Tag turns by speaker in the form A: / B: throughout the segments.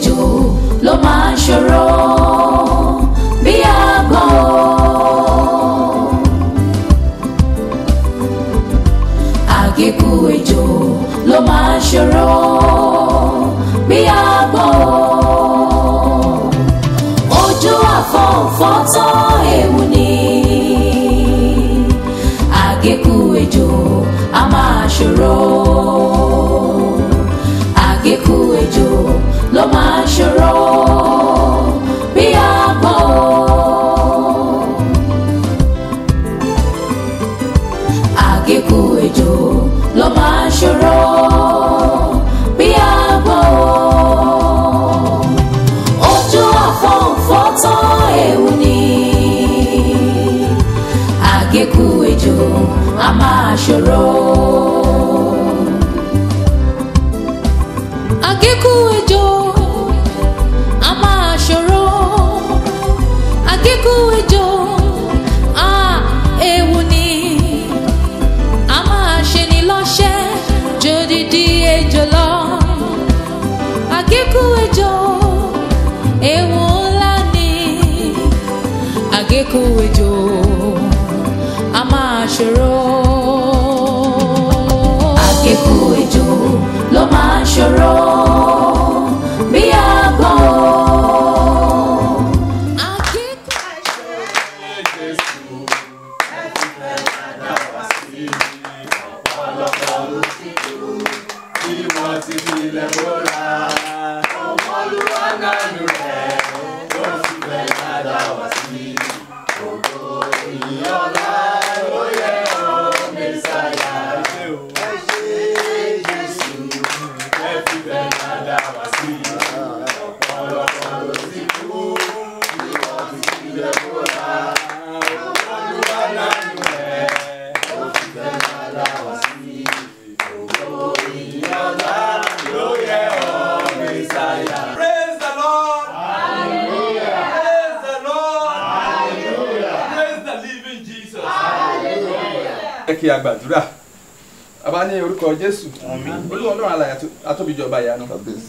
A: àlejò ló máa ń ṣòro. sure. your own.
B: ẹ
C: kí a gbàdúrà bàbá ní orúkọ jésù olúwa ọlọ́run alàyè atóbijọba ìyanu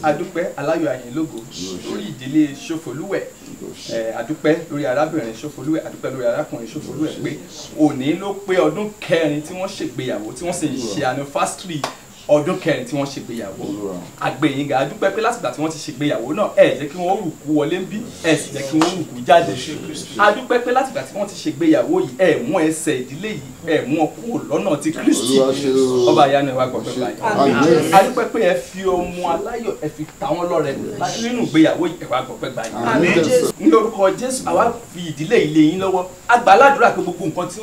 C: adúpẹ́ aláyọ̀ àyìn lórí ìdílé ṣòfolúwẹ̀ adúpẹ́ lórí arábìnrin ṣòfolúwẹ̀ adúpẹ́ lórí arákùnrin ṣòfolúwẹ̀ pé òní ló pé ọdún kẹrin tí wọ́n ṣègbéyàwó tí wọ́n sì ń ṣe anifásitì ọdún kẹrin tí wọ́n ṣègbéyàwó àgbẹ̀yìngà adúpẹ́ pé látìgbà tí wọ́n ti ṣègbéyàwó náà ẹ̀ jẹ́ kí wọ́n rùkú wọlé ń bí ẹ̀ sì jẹ́ kí wọ́n rùkú jáde adúpẹ́ pé látìgbà tí wọ́n ti ṣègbéyàwó yìí ẹ̀ mú ẹsẹ̀ ìdílé yìí ẹ̀ mú ọkú lọ́nà ti Kristi ọba ìyanu ẹ̀wà gbọ̀gbẹ́ báyìí adúpẹ́ pé ẹ fi ọmọ aláyọ̀ ẹ fi ta wọ́n lọ́rẹ nínú ìgbéyàwó ẹ̀wà gbọ̀gbẹ́ báyìí ní orúkọ Jésù àwa fi ìdílé ilé yín lọ́wọ́ agbáládùúrà pé gbogbo nǹkan tí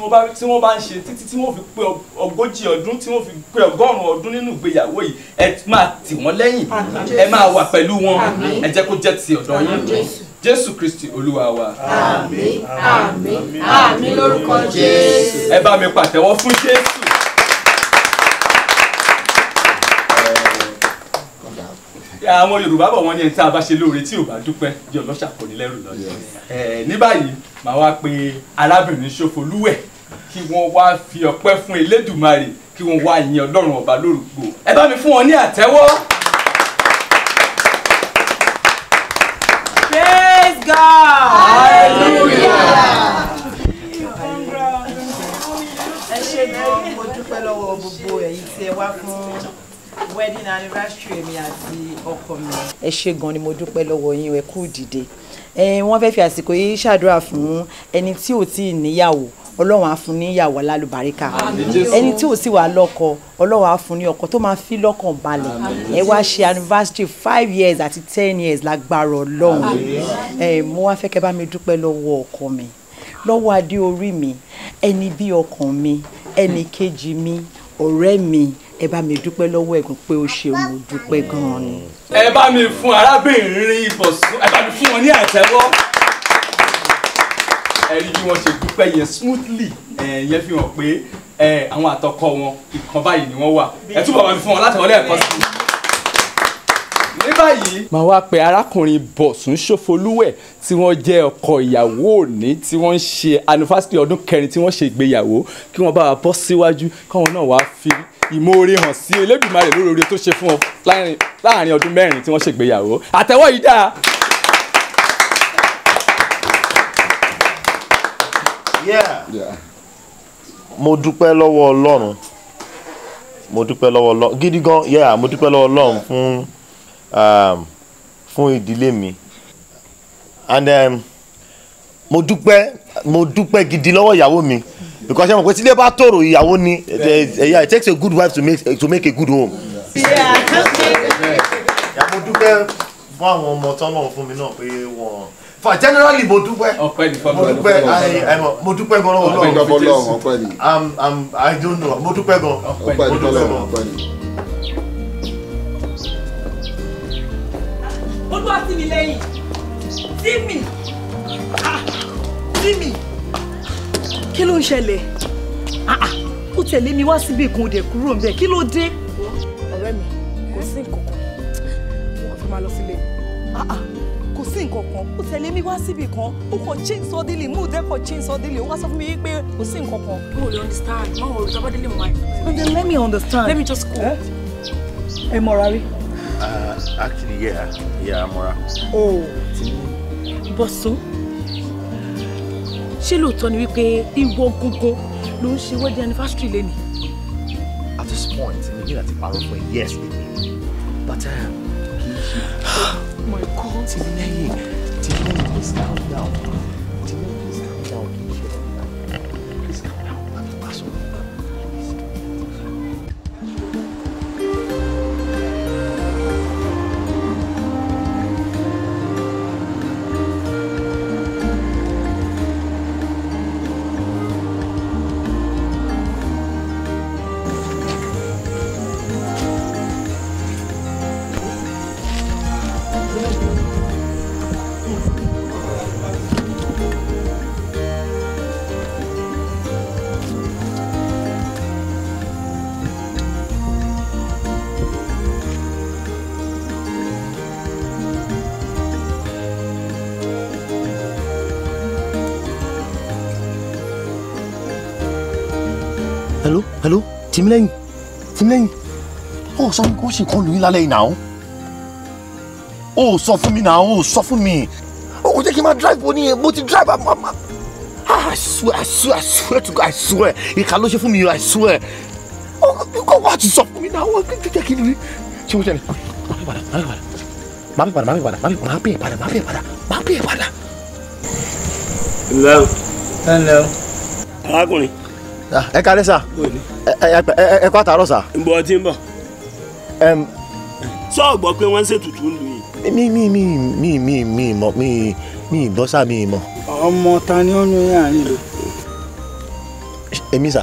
C: wọ́n bá ń ṣe títí tí wọ́n fi pé ogójì ọdún tí wọ́n fi pé ọgọ́rùn-ún ọdún nínú nínú ìgbéyàwó yìí ẹ máa tì wọ́n lẹ́yìn ẹ máa wà pẹ̀lú wọn ẹ jẹ́ kó jẹ́ ti ọ̀dọ̀ yín jésù kristi olúwa wa. àmín àmín àmín lórúkọ jésù. ẹ bá mi pàtẹ́wọ́ fún jésù. àwọn yorùbá bọ̀ wọ́n ní ẹni tí a bá ṣe lóore tí ò bá dúpẹ́ jẹ́ ọlọ́ṣà kò ní lẹ́rù lọ́jọ́ ní báyìí màá wá pe arábìnrin ṣòfolúwẹ̀ kí wọ́n wá fi ọpẹ́ fún elédùmarè kí wọ́n wá yin ọlọ́run ọba lórúkọ ẹ bá mi fún wọn ní àtẹ́wọ́.
D: praise God hallelujah. ẹ ṣe bí mo dúpẹ́ lọ́wọ́ gbogbo ẹ̀yin tí ẹ wá fún wedding anniversary mi àti ọkọ mi. ẹ ṣe gan ni mo dúpẹ́ lọ́wọ́ yín ẹ kú dìde wọ́n fẹ́ fi àsìkò yìí ṣàdúrà fún ẹni tí ò tí ì níyàwó ọlọ́run á fún ní ìyàwó alálùbáríkà ẹni tí ò sì wà lọ́kọ ọlọ́run á fún ní ọkọ tó máa fi lọ́kàn balẹ̀ ẹ wá ṣe anniversary five years àti ten years lágbára ọlọ́run ẹ mo wá fẹ́ kẹ́ bá mi dúpẹ́ lọ́wọ́ ọkọ mi lọ́wọ́ adé orí mi ẹni bí ọkàn mi ẹni kejì mi ọ̀rẹ́ mi ẹ bá mi dúpẹ́ lọ́wọ́ ẹ̀gùn pé ó ṣe mo dúpẹ́ gan-an ni.
C: ẹ bá mi fún arábìnrin ibọ̀sùn ẹ bá mi fún wọn ní àtẹ́wọ́ ẹ̀rí bí wọ́n ṣe dúpẹ́ yẹn smoothly yẹn fi hàn pé àwọn àtọkọ wọn ìkan báyìí ni wọ́n wà ẹ túbọ̀ wà fún wọn láti wọlé ẹ̀kọ́ sí i ní báyìí. màá wá pe arákùnrin bọ̀sùn ṣòfolúwẹ̀ tí wọ́n jẹ́ ọkọ ìyàwó òní tí wọ́n ń ṣe anifásitì ọdún kẹrin tí wọ́n ṣe ìgbéyàwó kí wọ́n bá wa bọ́ síwájú káwọn náà wá fi ìmoore hàn sí Elédùmarè lórí oore tó ṣe fún ọ láàrin ọdún mẹ́rin tí wọ́n ṣègbéyàwó àtẹ́wọ́ yìí dáa.
B: yeah.
D: mo dúpẹ́ lọ́wọ́ ọlọ́run mo dúpẹ́ lọ́wọ́ ọlọ́run gidi gan yeah mo dúpẹ́ lọ́wọ́ ọlọ́run fún um, fún ìdílé mi and um, mo dúpẹ́ mo dúpẹ́ gidi lọ́wọ́ ìyàwó mi because ẹ mọ̀ pé tílé bá tòrò ìyàwó ni eh, yeah it takes a good wife to make to make a good home. ìyá mo dúpẹ́ fún àwọn ọmọ tọ́lọ́run fún mi náà pé wọ́n fa generally mo dúpẹ́ mo dúpẹ́ mo dúpẹ́ gan lọ́wọ́ lọ́wọ́ ọpẹ́ ni i'm i'm i don't know mo dúpẹ́ gan mo dúpẹ́ gan. olúwa tì mí lẹ́yìn tì mí tì mí kí ló ń ṣẹlẹ̀ ah, ah. ó tẹ̀lé mi wá síbi ìkun òde kúrò ń bẹ̀ kí ló dé. ọ̀rẹ́ mi kò sí nǹkan kan mo kàn fẹ́ máa lọ sílé. Ah, sí nǹkan kan ó tẹ̀lé mi wá síbì kan ó kàn change suddenly mood ẹ̀ kàn change suddenly ó wá sọ fún mi wípé kò sí nǹkan kan. mo lè understand mo rò tó bá mọ àìsàn. then let me understand. let me just go. ẹ mọ̀ra rí. Uh, actually yeah yeah mọ̀ra. oh bọ́sùn ṣé lóòótọ́ ni wípé ìwọ gógó ló ń ṣe wedding anniversary lẹ́nu. at this point mi ní láti parọ́ fún ẹ yes
B: baby but. Uh, my God in Nene. Did you just calm down?
D: tìmílẹ́yìn tìmílẹ́yìn ó sọ fún mi kó sì kọ́ lóyún lálẹ́ yìí náà ó sọ fún mi náà ó sọ fún drive bó ní mo ti drive àmọ́ I swear I swear I swear to God I swear ìka ló ṣe fún mi I swear Oh, you go watch sọ fún me now. ó kò jẹ́ kí n rí ṣé mo jẹ́ ni má bí padà má bí padà má bí padà má bí padà má bí
B: hello. hello. arákùnrin.
D: Ah, ẹ káalẹ́ sà ẹ kọ́ àtàrọ̀ ọtí sọ ọgbọ pé wọn ń ṣètùtù ń lu yìí. mi mi mi mi mi mọ mi mi mi mọ. ọmọ ta ni ó ń yan àárín èmi sà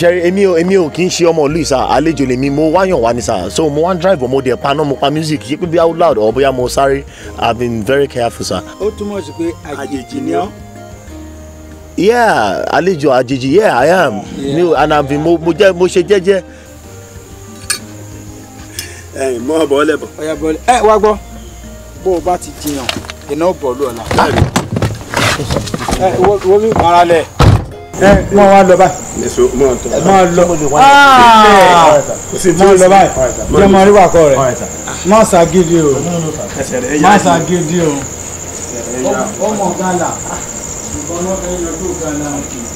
D: sẹ́rí ah, èmi ò kì í ṣe ọmọ ìlú ìsà àlejò lèmi mo wáyàn wá ní so mo wá drive ọmọ dẹ̀ paná mo pa music yí pé bí loud bóyá mo sáré i have been very careful ni ọ́. yeah àlejò àjèjì yeah i am mi yeah. and i'm been mo mo jẹ mo ṣe jẹ́jẹ́. ẹ mọ ọbọ ọlẹbọ. ọyà bọ ẹ wá gbọ́ bó o bá ti jiyàn iná bọ lọ́la. ẹ wo mi mara lẹ. ẹ mọ wa lọ báyìí. mọ lọ mọ lọ báyìí jẹ mọ rí wàkọ rẹ mọ ṣàgídí o
B: mọ ṣàgídí o ọmọ gàlà ọ̀nà kan yọjú kan náà kì í.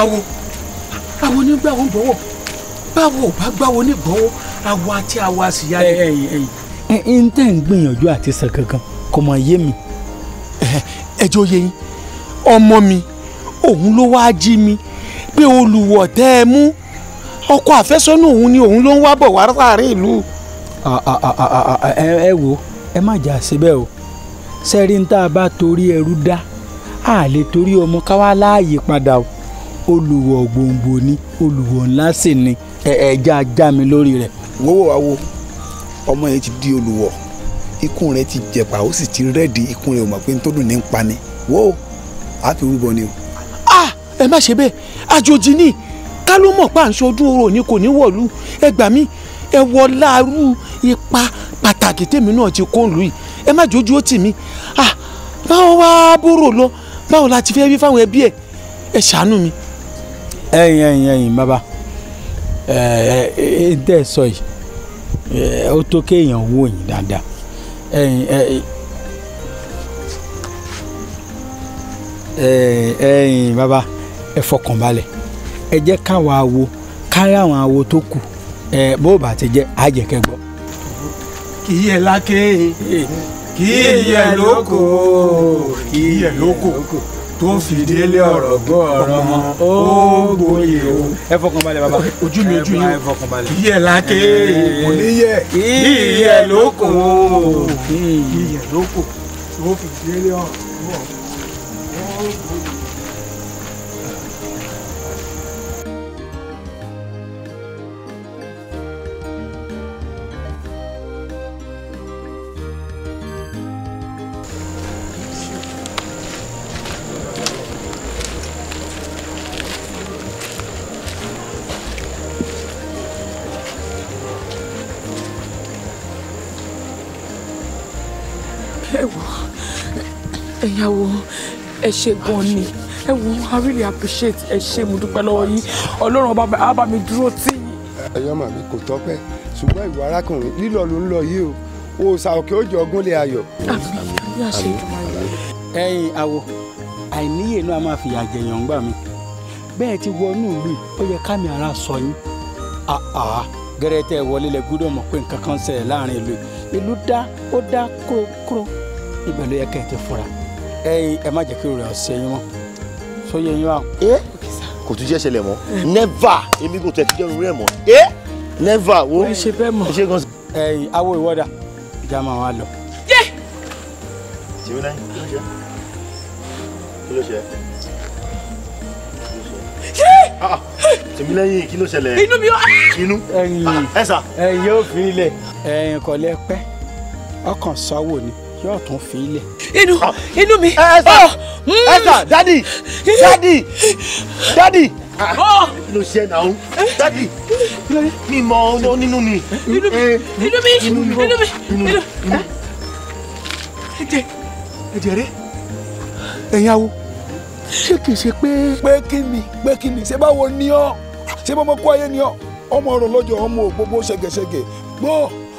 D: awo awo ní gbàwó bọ̀wọ̀ báwo ò bá gbàwó ní bọ̀wọ̀ awo àti awo àṣìyá ni. ẹ ẹ n tẹ́ ń gbìyànjú àti sàn kankan kò mọ̀ yé mi. ẹ jọ yẹ yín ọmọ mi òun ló wáá jí mi pé olùwọ̀ tẹ́ ẹ mú ọkọ àfẹ́sọ́nà òun ni òun ló ń wá bọ̀ wá láàrin ìlú. ẹ wo ẹ má jà síbẹ̀ o sẹ́rí ń tá a bá torí ẹrú dá a lè torí ọmọ káwá láàyè padà o olùwọ̀ gbòǹgbò ni olùwọ̀ ńlá sì ni ẹ̀ẹ́dá já mi lórí rẹ̀. wọ́wọ́ wa wo ọmọ yẹn ti di olùwọ̀ ikùn rẹ̀ ti jẹ̀pà o sì ti rẹ́ẹ̀dì ikùn rẹ̀ o mọ̀ pé ń tó dùn ní ń pa ni wo àfi rúbọ ni o. Ah, ẹ má ṣe bẹ́ẹ̀ àjòjì ni ká ló mọ̀ pa à ń ṣojú oorun ni kò ní wọ̀lú ẹ gbà mí ẹ wọ láàrú ipa pàtàkì tèmi náà ti kó lù yìí ẹ má jójú ó tì mí à báwo wá bóró lọ báwo la ti fẹ́ wí fáwọn ẹbí ẹ ẹ ṣàánú mi. ẹyin ẹyin ẹyin bàbá ẹ ẹ dẹ́ sọ yìí ẹ ó tó kéèyàn wò yín dáadáa ẹyin ẹyin ẹyin bàbá ẹ fọkàn balẹ̀ ẹ jẹ́ káwọn awo kárí àwọn awo tó kù ẹ bó bá ti jẹ́ àjẹkẹ́ gbọ́. kì í yẹ lákè kì í yẹ lóko kì í yẹ lóko tó fi délé ọ̀rọ̀ gbọ́ ọ̀rọ̀
C: mọ́ ó gboyè o. ẹ fọkàn balẹ̀ bàbá ojú mi ojú yín
D: kì í yẹ lákè kò ní yẹ kì í yẹ lóko
C: kì í yẹ lóko tó fi délé ọ̀rọ̀ gbọ́ ọ̀rọ̀ mọ́ ó gboyè o.
D: ìyàwó ẹ ṣe gan ni ẹ wo i really appreciate ẹ ṣe mo dúpẹ́ lọ́wọ́ yín ọlọ́run ọba á bá mi dúró tì. ẹyọ màmí kò tọpẹ́ ṣùgbọ́n ìwà arákùnrin lílọ ló ń lọ yìí o òòsà òkè òjò ọgúnlé ayọ̀. ẹyin awo àìníyè náà máa fìyà jẹyàn gbà mí bẹ́ẹ̀ ti wọnú ìlú ó yẹ ká mi ara sọ yín gẹ́rẹ́tẹ̀ wọlé lẹ gbọ́dọ̀ mọ̀ pé nǹkan kan ṣẹlẹ̀ láàrin ìlú ìlú dá ó dá kúrò kúrò ìbẹ̀lú yẹ kẹ́ ẹ ti fura ẹ má jẹ́ kí rẹ̀ ọ̀sẹ̀ yín mọ́ tó yẹ yín wá. Eh? kò tún jẹ́ ṣẹlẹ̀ mọ́ mm. never èmi kò tẹ̀ tí jẹ́ orí ẹ̀ mọ́ eh? never wo ẹ ṣe bẹ́ẹ̀ mọ́ ẹ̀yìn awo ìwọ́dà ìjà máa wá lọ. Ah, ah. tèmílẹ́yìn kí ló ṣẹlẹ̀ inú mi inú ẹ̀sà.
C: Ah, ẹ̀yìn yóò fi ilẹ̀ ẹ̀yìn kọ̀lẹ́ pẹ́ ọkàn sáwò ni yóò tún fi
D: ilẹ̀ inú ah. inú mi. ẹ ẹsà ẹsà dadi dadi dadi ló ṣe náà dadi mi mọ onínú ni. Eh, inú mi inú mi inú mi inú mi inú mi. ẹ̀jẹ̀ ẹ̀jẹ̀ rẹ ẹ̀yin awo ṣé kìí ṣe pé pé kí ni pé kí ni ṣé báwo ni ọ ṣé bọ́mọ kó ayé ni ọ ọmọ ọ̀rọ̀ lọ́jọ́ ọmọ ògbógbó ṣẹgẹṣẹgẹ gbọ́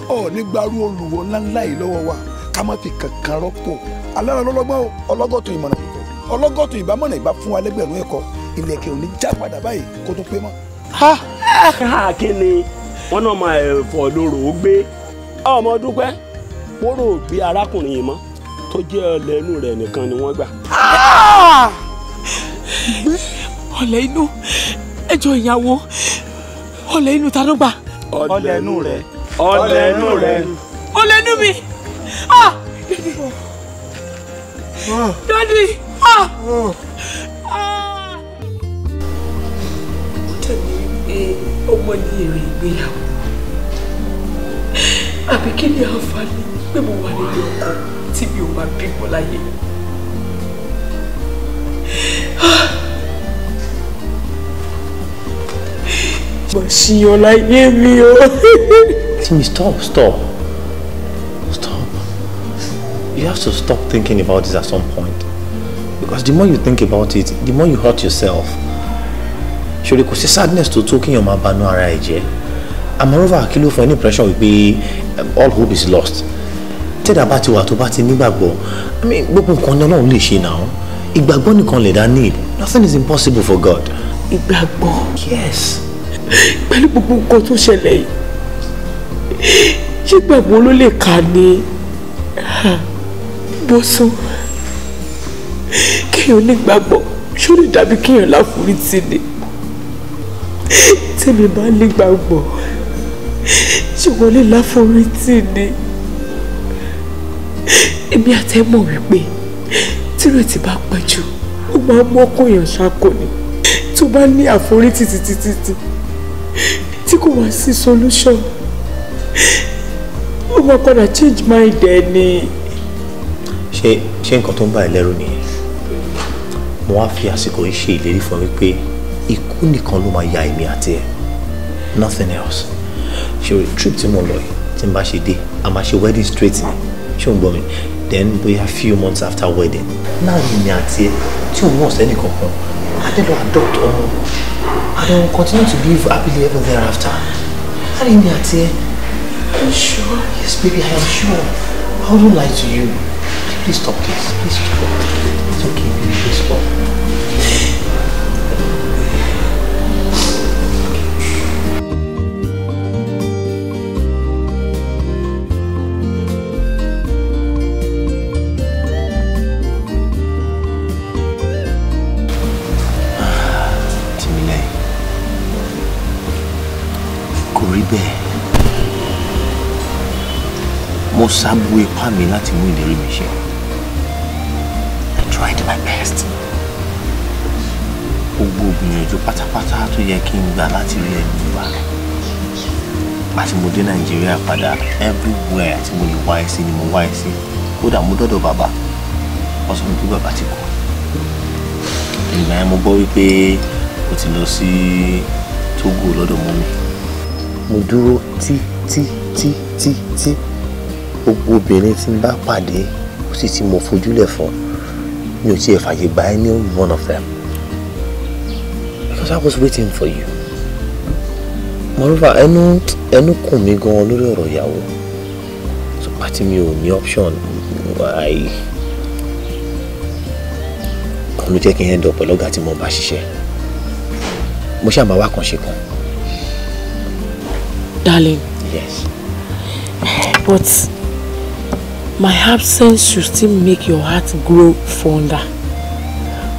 D: ọ ní gbaru olùwọ ńláńlá yìí lọ́wọ́ wa ká má fi kankan rọ́pò alára lọ́lọ́gbọ́n o ìmọ̀nà ọlọ́gọ́tò ìbámọ̀nà ìbá fún wa lẹ́gbẹ̀rún ẹ̀kọ́ ilẹ̀kẹ̀ ò ní já padà báyìí kó tó pé mọ́. ha kí ni wọn náà máa ẹ̀fọ́ lóró gbé ọmọ dúpẹ́ kóró gbé arákùnrin yìí mọ́ tó jẹ́ ọ̀lẹ inú rẹ̀ nìkan ni wọ́n gbà. ọ̀lẹ inú ẹjọ́ ìyàwó ọ̀lẹ inú ta ló gbà. ọ̀lẹ inú rẹ̀ ọ̀lẹ inú rẹ̀ ọ̀lẹ inú mi dádì tẹ̀lé ah. ah. pé ọmọ ní èrè ìgbéyàwó àbí kí ni àǹfààní pé mo wà nílé ọkọ tí mi ò máa bímọ láyé ah. mo ṣiyàn láyé mi o. Timmy, stop, stop you have to stop thinking about this at some point. Because the more you think about it, the more you hurt yourself. Surely, kò sí sadness to talking your máa banú ara ẹ̀ jẹ́. Àmọ́rọ́fà kí ló fún ẹ ní impression um, all hope is lost. Tell about you wà tó bá ti nígbàgbọ́, I mean gbogbo nǹkan ni Ọlọ́run lè ṣe náà. Ìgbàgbọ́ nìkan lè dá need. Nothing is impossible for God. Ìgbàgbọ́. Yes. Pẹ̀lú gbogbo nǹkan tó ṣẹlẹ̀ yìí, ṣé ìgbàgbọ́ ló lè kà ni? bọ́sán kéèyàn nígbàgbọ́ ṣó lè dàbí kéèyàn láforítì ni tèmi bá nígbàgbọ́ ṣé wọ́n lè láforítì ni èmi àtẹ mọ̀ wípé tírètì bá pẹ́ jù ó máa ń mọ́kàn èèyàn ṣáko ni tó bá ní àforítì títítítí tí kò wá sí solution ó máa padà change mind ẹ ni ṣé ṣé nǹkan tó ń bà ẹ́ lẹ́rù nìyẹn mo wá fi àsìkò yìí ṣe ìlérí fún wípé ikú nìkan ló máa ya èmi àti ẹ nothing else ṣe o trip tí mo lọ yìí tí n bá ṣe dé a máa ṣe wedding straight ni ṣé o ń gbọ́ mi then bóyá few months after wedding náà ni èmi àti ẹ tí òun náà sẹ́ni kankan adélo adopt ọmọ and I will continue to live happily ever thereafter náà ni èmi àti ẹ I'm sure yes baby I am sure I wouldn't lie to you. Please stop this. Please stop. It's okay, Please stop. mo sábú ipá mi láti mú ìlérí mi ṣe my best. Gbogbo ògbìyànjú pátápátá tó yẹ kí n gbà láti rí ẹ̀mí wa. Àti mo dé Nàìjíríà padà everywhere tí mo lè wá sí ni mo wá ẹ sí. Kódà mo dọ́dọ̀ bàbá. Wọ́n sọ fún mi pé bàbá ti kú. Ìgbà yẹn mo gbọ́ wípé o ti lọ sí Tógò lọ́dọ̀ mọ́ mi. Mo dúró tí tí tí tí tí gbogbo obìnrin tí n bá pàdé ó sì ti mọ̀ fojúlẹ̀ fún un mi ò tiẹ̀ fàyè gba any one of them because I was waiting for you moreover ẹnu ẹnu kùn mí gan lórí ọ̀rọ̀ ìyàwó so pàtí mi ò ní option I òun ló jẹ́ kí n end up pẹ̀lú ọ̀gá tí mo bá ṣiṣẹ́ mo ṣáà máa wá kàn ṣe kan. darling yes. but my absence should still make your heart grow fonder.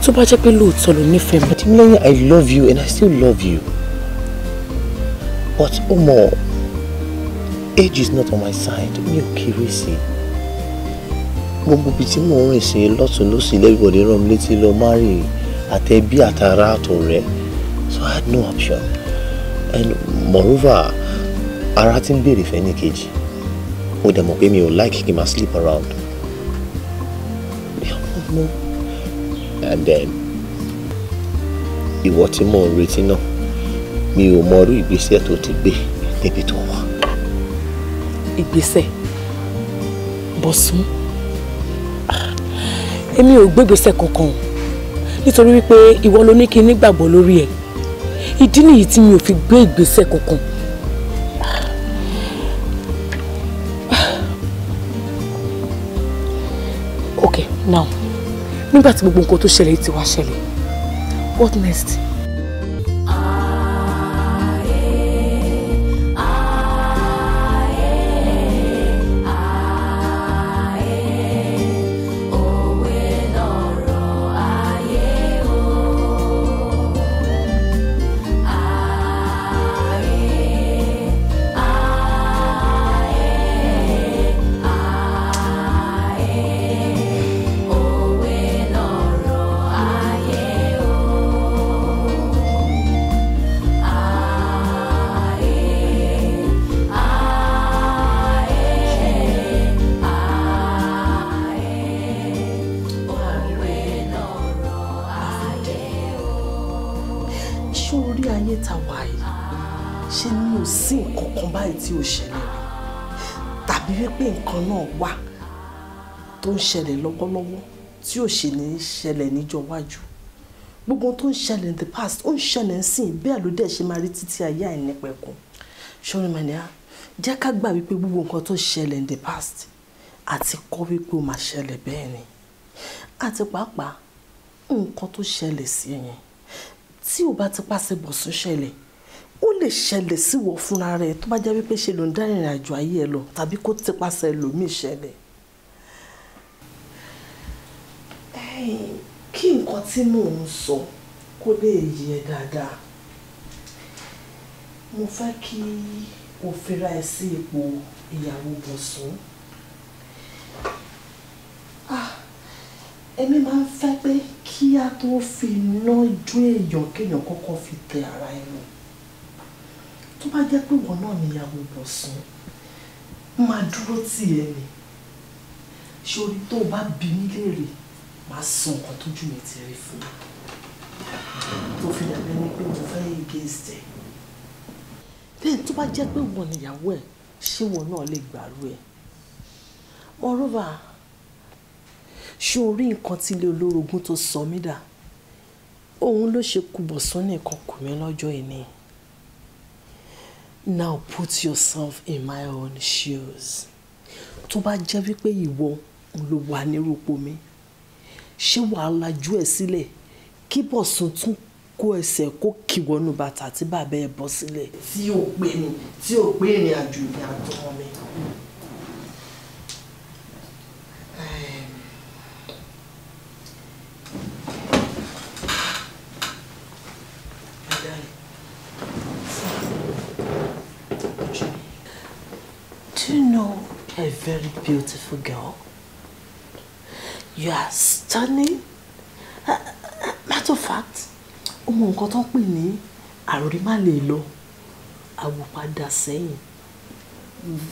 D: tó bá jẹ́ pé lóòótọ́ ló nífẹ̀ẹ́ mi. àtìmílẹ́yìn I love you and I still love you but omo age is not on my side mi ò kéré sí i gbogbo ibi tí mò ń rìn sí lọ́tún lọ́sì everybody rán mi létí lọ márì àtẹbí àtàrà àtọ̀rẹ́ so I had no option and moreover ara ti ń béèrè fẹ́ ní kejì mo dẹ̀ mọ̀ pé mi ò like kí n sleep around and then ìwọ tí mò ń retí náà mi ò mọ irú ìgbésẹ̀ tó ti gbé níbi tó wà. ìgbésẹ̀ bọ̀sùn èmi ò gbégbèsẹ̀ kankan nítorí wípé ìwọ ló ní kí n nígbàgbọ́ lórí ẹ̀ ìdí nìyí tí mi ò fi gbé ìgbésẹ̀ kankan nígbà gbogbo nǹkan tó ṣẹlẹ̀ ti wá ṣẹlẹ̀ what next nǹkan lọ́wọ́ tí ò ṣe ní ṣẹlẹ̀ níjọ́ iwájú gbogbo tó ń ṣẹlẹ̀ in the past ó ń ṣẹlẹ̀ sìn bẹ́ẹ̀ ló dẹ̀ ṣe máa rí títí ayé àìnípẹ̀kun ṣọ́rin mania ah, jẹ́ ká gbà wípé gbogbo nǹkan tó ṣẹlẹ̀ in the past àti kọ́ wípé ó máa ṣẹlẹ̀ bẹ́ẹ̀ ni àti pàápàá nǹkan tó ṣẹlẹ̀ sí yẹn tí ò bá ti pàṣẹ bọ̀ sún ṣẹlẹ̀ ó lè ṣẹlẹ̀ síwọ̀ fúnra rẹ̀ tó bá jẹ́ wípé ṣe ló ń dá ìrìn àjò ayé ẹ lọ tàbí kó ti lòmíì ṣẹlẹ̀ kí nǹkan tí mò ń sọ kó lè yẹ dáadáa
B: mo fẹ́ kí
D: o fira ẹ sí ipò ìyàwó bọ̀sùn èmi ah, máa ń fẹ́ pé kí a tó fi iná jó èèyàn kéèyàn kọ́kọ́ fi tẹ ara ẹnu tó bá jẹ́ pé wọn náà níyàwó bọ̀sùn máa dúró tì ẹ́ ni ṣé orí tó o bá bí mi léèrè máa sọ nǹkan tójú mi ti rí fún tó fi dàbí ẹni pé mo fẹ́ against ẹ̀. tó bá jẹ́ pé wọn níyàwó ẹ̀ ṣé wọn náà lè gbàrú ẹ̀ moreover ṣé o rí nǹkan tí ilé olórogún tó sọ mí dà òun ló ṣe kúbọ̀sán nìkan kù mí lọ́jọ́ ìní. now put yourself in my own shoes tó bá jẹ́ wípé ìwọ ló wà nírúpọ̀ mi ṣé wàá lajú ẹ sílẹ̀ kí bọ̀sùn tún kó ẹsẹ̀ kó kì wọnú bàtà tí bàbá ẹ bọ́ sílẹ̀. tí ò pé ni tí ò pé ìrìn àjò ìrìn àjò mi. Do you know a very beautiful girl? you are stunning uh, matter of fact ọmọ nǹkan tó ń pè ní àròrí má lè lọ àwòpadà sẹ́yìn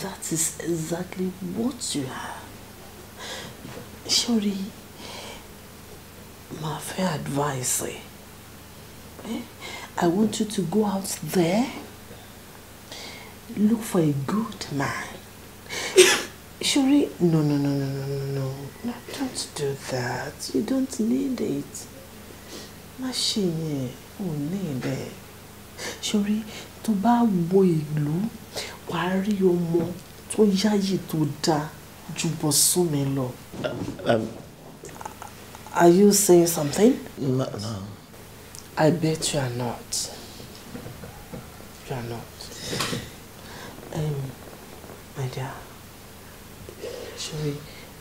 D: that is exactly what you are sorry my fair advice eh? I want you to go out there look for a good man. Shuri, no, no, no, no, no, no, no.
B: don't do that.
D: You don't need it. Machine, oh, need it. Shuri, tó bá wo ìlú, wà á rí ọmọ tó yáyì tó dáa ju Bọ́súnmi lọ. Um, are you saying something? No, no. I bet you are not. You are not. Um, my dear ṣeré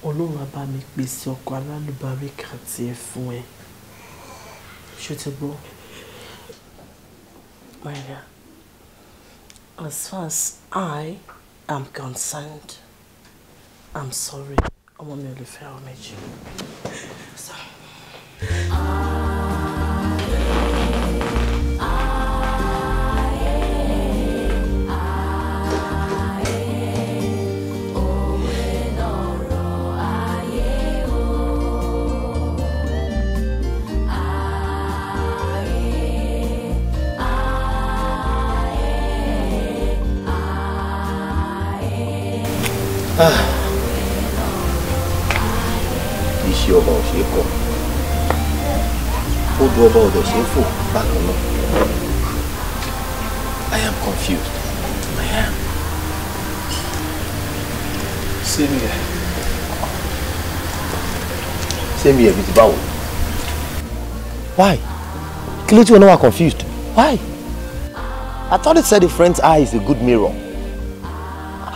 D: ọlọ́run bá mi pèsè ọkọ alálùbáríkà tiẹ̀ fún ẹ ṣó ti gbọ́ my as far as I am concerned I'm sorry ọmọ mi ò lè fẹ́ ọ méjì.
A: Sorry.
D: Ah. iṣẹ́ ọba ò ṣe é kọ̀ ó du ọba ọ̀dọ̀ ṣe é fò bákan náà I am confused I am. same here same here bíi Bao. why Clearly, you tí wọn confused why I thought it said a friend's eye is a good mirror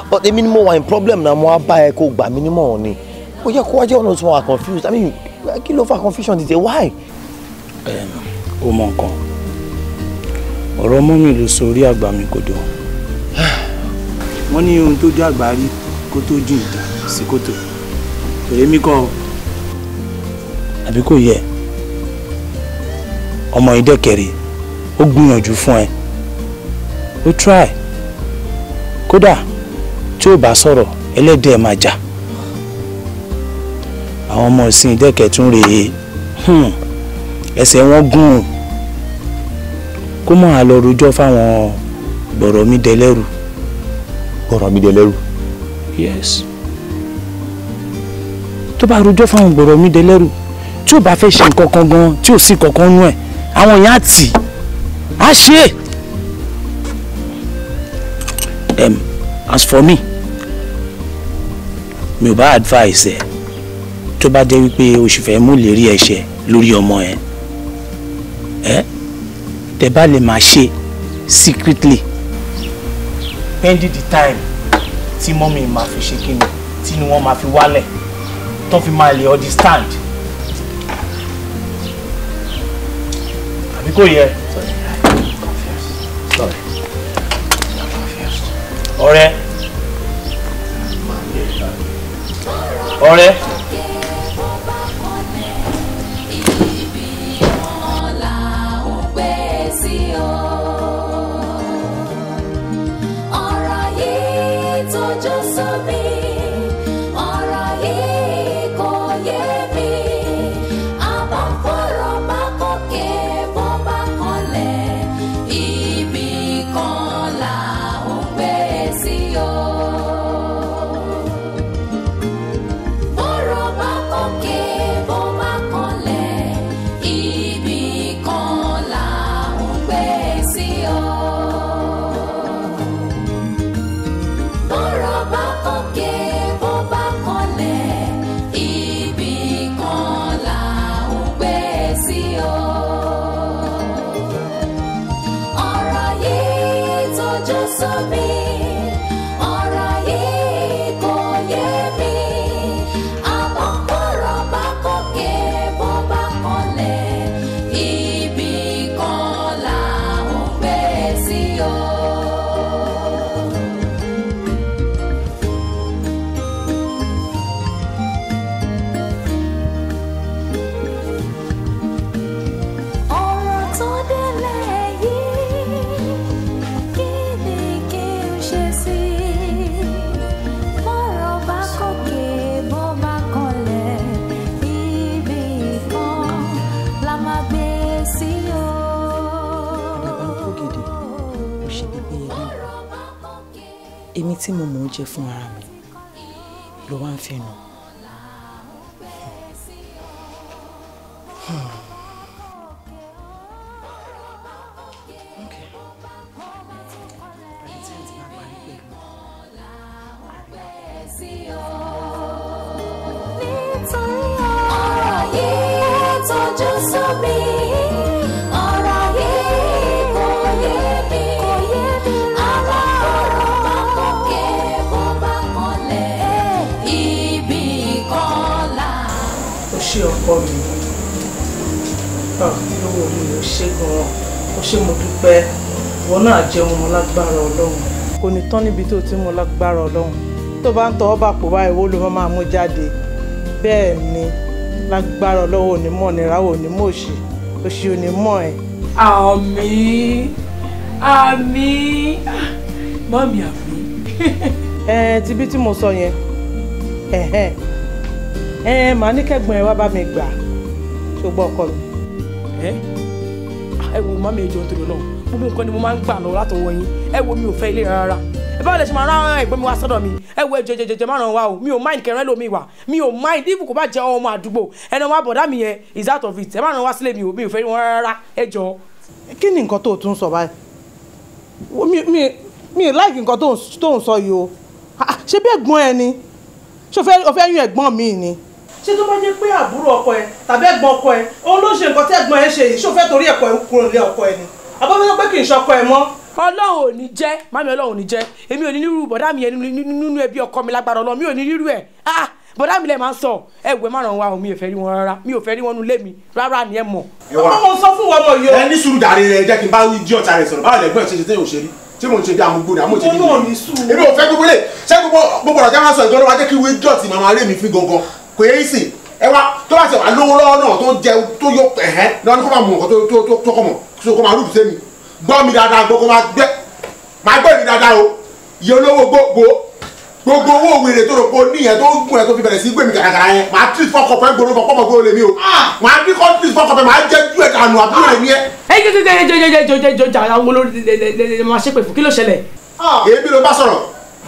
D: but the minimum mo problem na mo wá bá ẹ kó gbà mí nímọ̀ràn ni ó yẹ kó wá jẹ́ ọ̀nà tí mo wà confused i mean kí ló fa confusion dìde why. ó mọ nǹkan ọ̀rọ̀ mọ́ mi ló sọ orí àgbà mi kò dọ̀ wọ́n ní ohun tó jẹ́ àgbà rí kó tó jù ìta sí kòtò èmi kọ́ àbí kò yẹ ọmọ ìdẹ́kẹ̀rẹ́ ó gbìyànjú fún ẹ ó try kódà tí ò bá sọ̀rọ̀ ẹlẹ́dẹ̀ máa jà àwọn ọmọ ìsìn ìdẹ́kẹ̀ rèé hmm, ẹsẹ̀ wọn gùn kó mọ̀ á lọ rojọ́ fáwọn gbọ̀rọ̀ mi dẹlẹ́rù. gbọ̀rọ̀ mi dẹlẹ́rù. yes tó bá rojọ́ fáwọn gbọ̀rọ̀ mi dẹlẹ́rù tí ò bá fẹ́ ṣe nǹkan gan tí ò sí nǹkan nú ẹ̀ àwọn èèyàn á tì á ṣe as for me mi ò bá advice ẹ tó bá jẹ́ wípé o sì fẹ́ mú lérí ẹ̀ṣẹ̀ lórí ọmọ ẹ ẹ tẹ bá lè máa ṣe secretly pending the time tí mọ́mí máa fi ṣe kí ni tí ni wọ́n máa fi wálẹ̀ tó fi máa lè ọdí stand àbí kò yẹ. ọ̀rẹ́. ọ̀rẹ́. jẹ fúnra ṣe ọkọ mi lówó orí rẹ ṣe gan-an ó ṣe mo dúpẹ́ ìwọ náà jẹun mọ́ lágbára ọlọ́run kò ní tán níbi tó ti mú lágbára ọlọ́run tó bá ń tọ́ ọ́bà pò báyìí owó ló máa mú jáde bẹ́ẹ̀ ni lágbára ọlọ́run ò ní mọ̀ nira ò ní mọ̀ òṣì òṣì ò ní mọ̀ ẹ̀. àmín àmín mọ́mí àmín. ẹ tibí tí mo sọ yẹn ẹ màá ní kẹ́gbọ́n ẹ wá bá mi gbà ṣùgbọ́n ọkọ mi. ẹ ẹ wo má mi jọ nítorí náà gbogbo nǹkan ni mo máa ń gbà lọ látọwọ́ yín ẹ wo mi ò fẹ́ ilé rárá ẹ bá lè ṣe máa rán ẹ̀gbọ́n mi wá sọ́dọ̀ mi ẹ wo ẹjọ jẹjẹjẹ má ràn wá o mi ò mind kẹrẹ lómi wà mi ò mind if kò bá jẹ ọmọ àdúgbò ẹni ọmọ àbọ̀dá mi yẹn is out of it ẹ má ràn wá sílé mi ò mi ò fẹ́ wọn rárá ẹ jọ. kí ni nǹkan tó o tún sọ báyìí mi mi mi láìkí nǹkan tó ń sọ yìí o ah, ṣé bí ẹ̀gbọ́n ẹ ni ṣé o fẹ́ yún ẹ̀gbọ́n mi ni ṣé tó bá jẹ́ pé àbúrò ọkọ ẹ tàbí ẹ̀gbọ́n ọkọ ẹ òun ló ṣe nǹkan tí ẹ̀gbọ́n ẹ ṣe yìí ṣó fẹ́ torí ẹ̀kọ́ ẹ kúrò nílé ọkọ ẹ ni abọ́fẹ́ pé kì í ṣọkọ ẹ mọ́. ọlọ́run ò ní jẹ́ mami ọlọ́run ò ní jẹ́ èmi ò ní nírú bọ̀dá mi nínú ẹbí ọkọ mi lágbára ọlọ́run mi ò ní nírú ẹ̀ ah mi lẹ̀ máa ń sọ ẹ̀wẹ̀ má ràn mi ò fẹ́ rí wọn rárá mi ò fẹ́ rí wọn nu lé rárá ni ẹ mọ̀. ọmọ sọ fún wọn mọ yìí o. ẹ ní sùúrù dàrí rẹ jẹ́ kí n bá jí ọ̀tá rẹ sọ̀rọ̀ báwo lẹ́gbọ́n ṣe ṣe tẹ́yìn òṣèré tí mo ń ṣe bí amúgbó ni amúṣe bí mi èmi ò fẹ́ gbogbo lè ṣé gbogbo gbogbo ọ̀rọ̀ tí a máa sọ ìgbọ́n ló wá jẹ́ kí wíjọ́ ti màmá rẹ̀ mi fi gangan kò yẹ ìsìn ẹ wá tó bá ṣe wà lówó lọ́wọ́ náà tó jẹ tó yọ ẹ̀hẹ́ lọ́wọ́ kó máa mú nǹkan tó tó tó kọ̀ mọ̀ so kó máa rúbù sẹ́mi gbọ́ mi dáadáa gbọ́ kó máa gbẹ́ máa gbẹ́ mi dáadáa o iye olówó gbogbo gbogbo owó òwèrè tó rò pé oníyẹn tó ń gùn ẹ tó fi bẹ̀rẹ̀ sí gbẹ̀mí kàkàkàrà yẹn máa tí fọkọ̀ pẹ́ gbòòrò fọkọ̀ mọ̀ gbòòrò lèmi o máa bí kọ́ tí fọkọ̀ pẹ́ máa jẹ́ ju ẹ̀ka ànú àbúrò rẹ̀ ní ẹ. ẹ jẹjẹjẹjẹjẹjẹjẹjẹjẹ àwọn olórí máa ṣépè fún kí ló ṣẹlẹ̀. èébì ló bá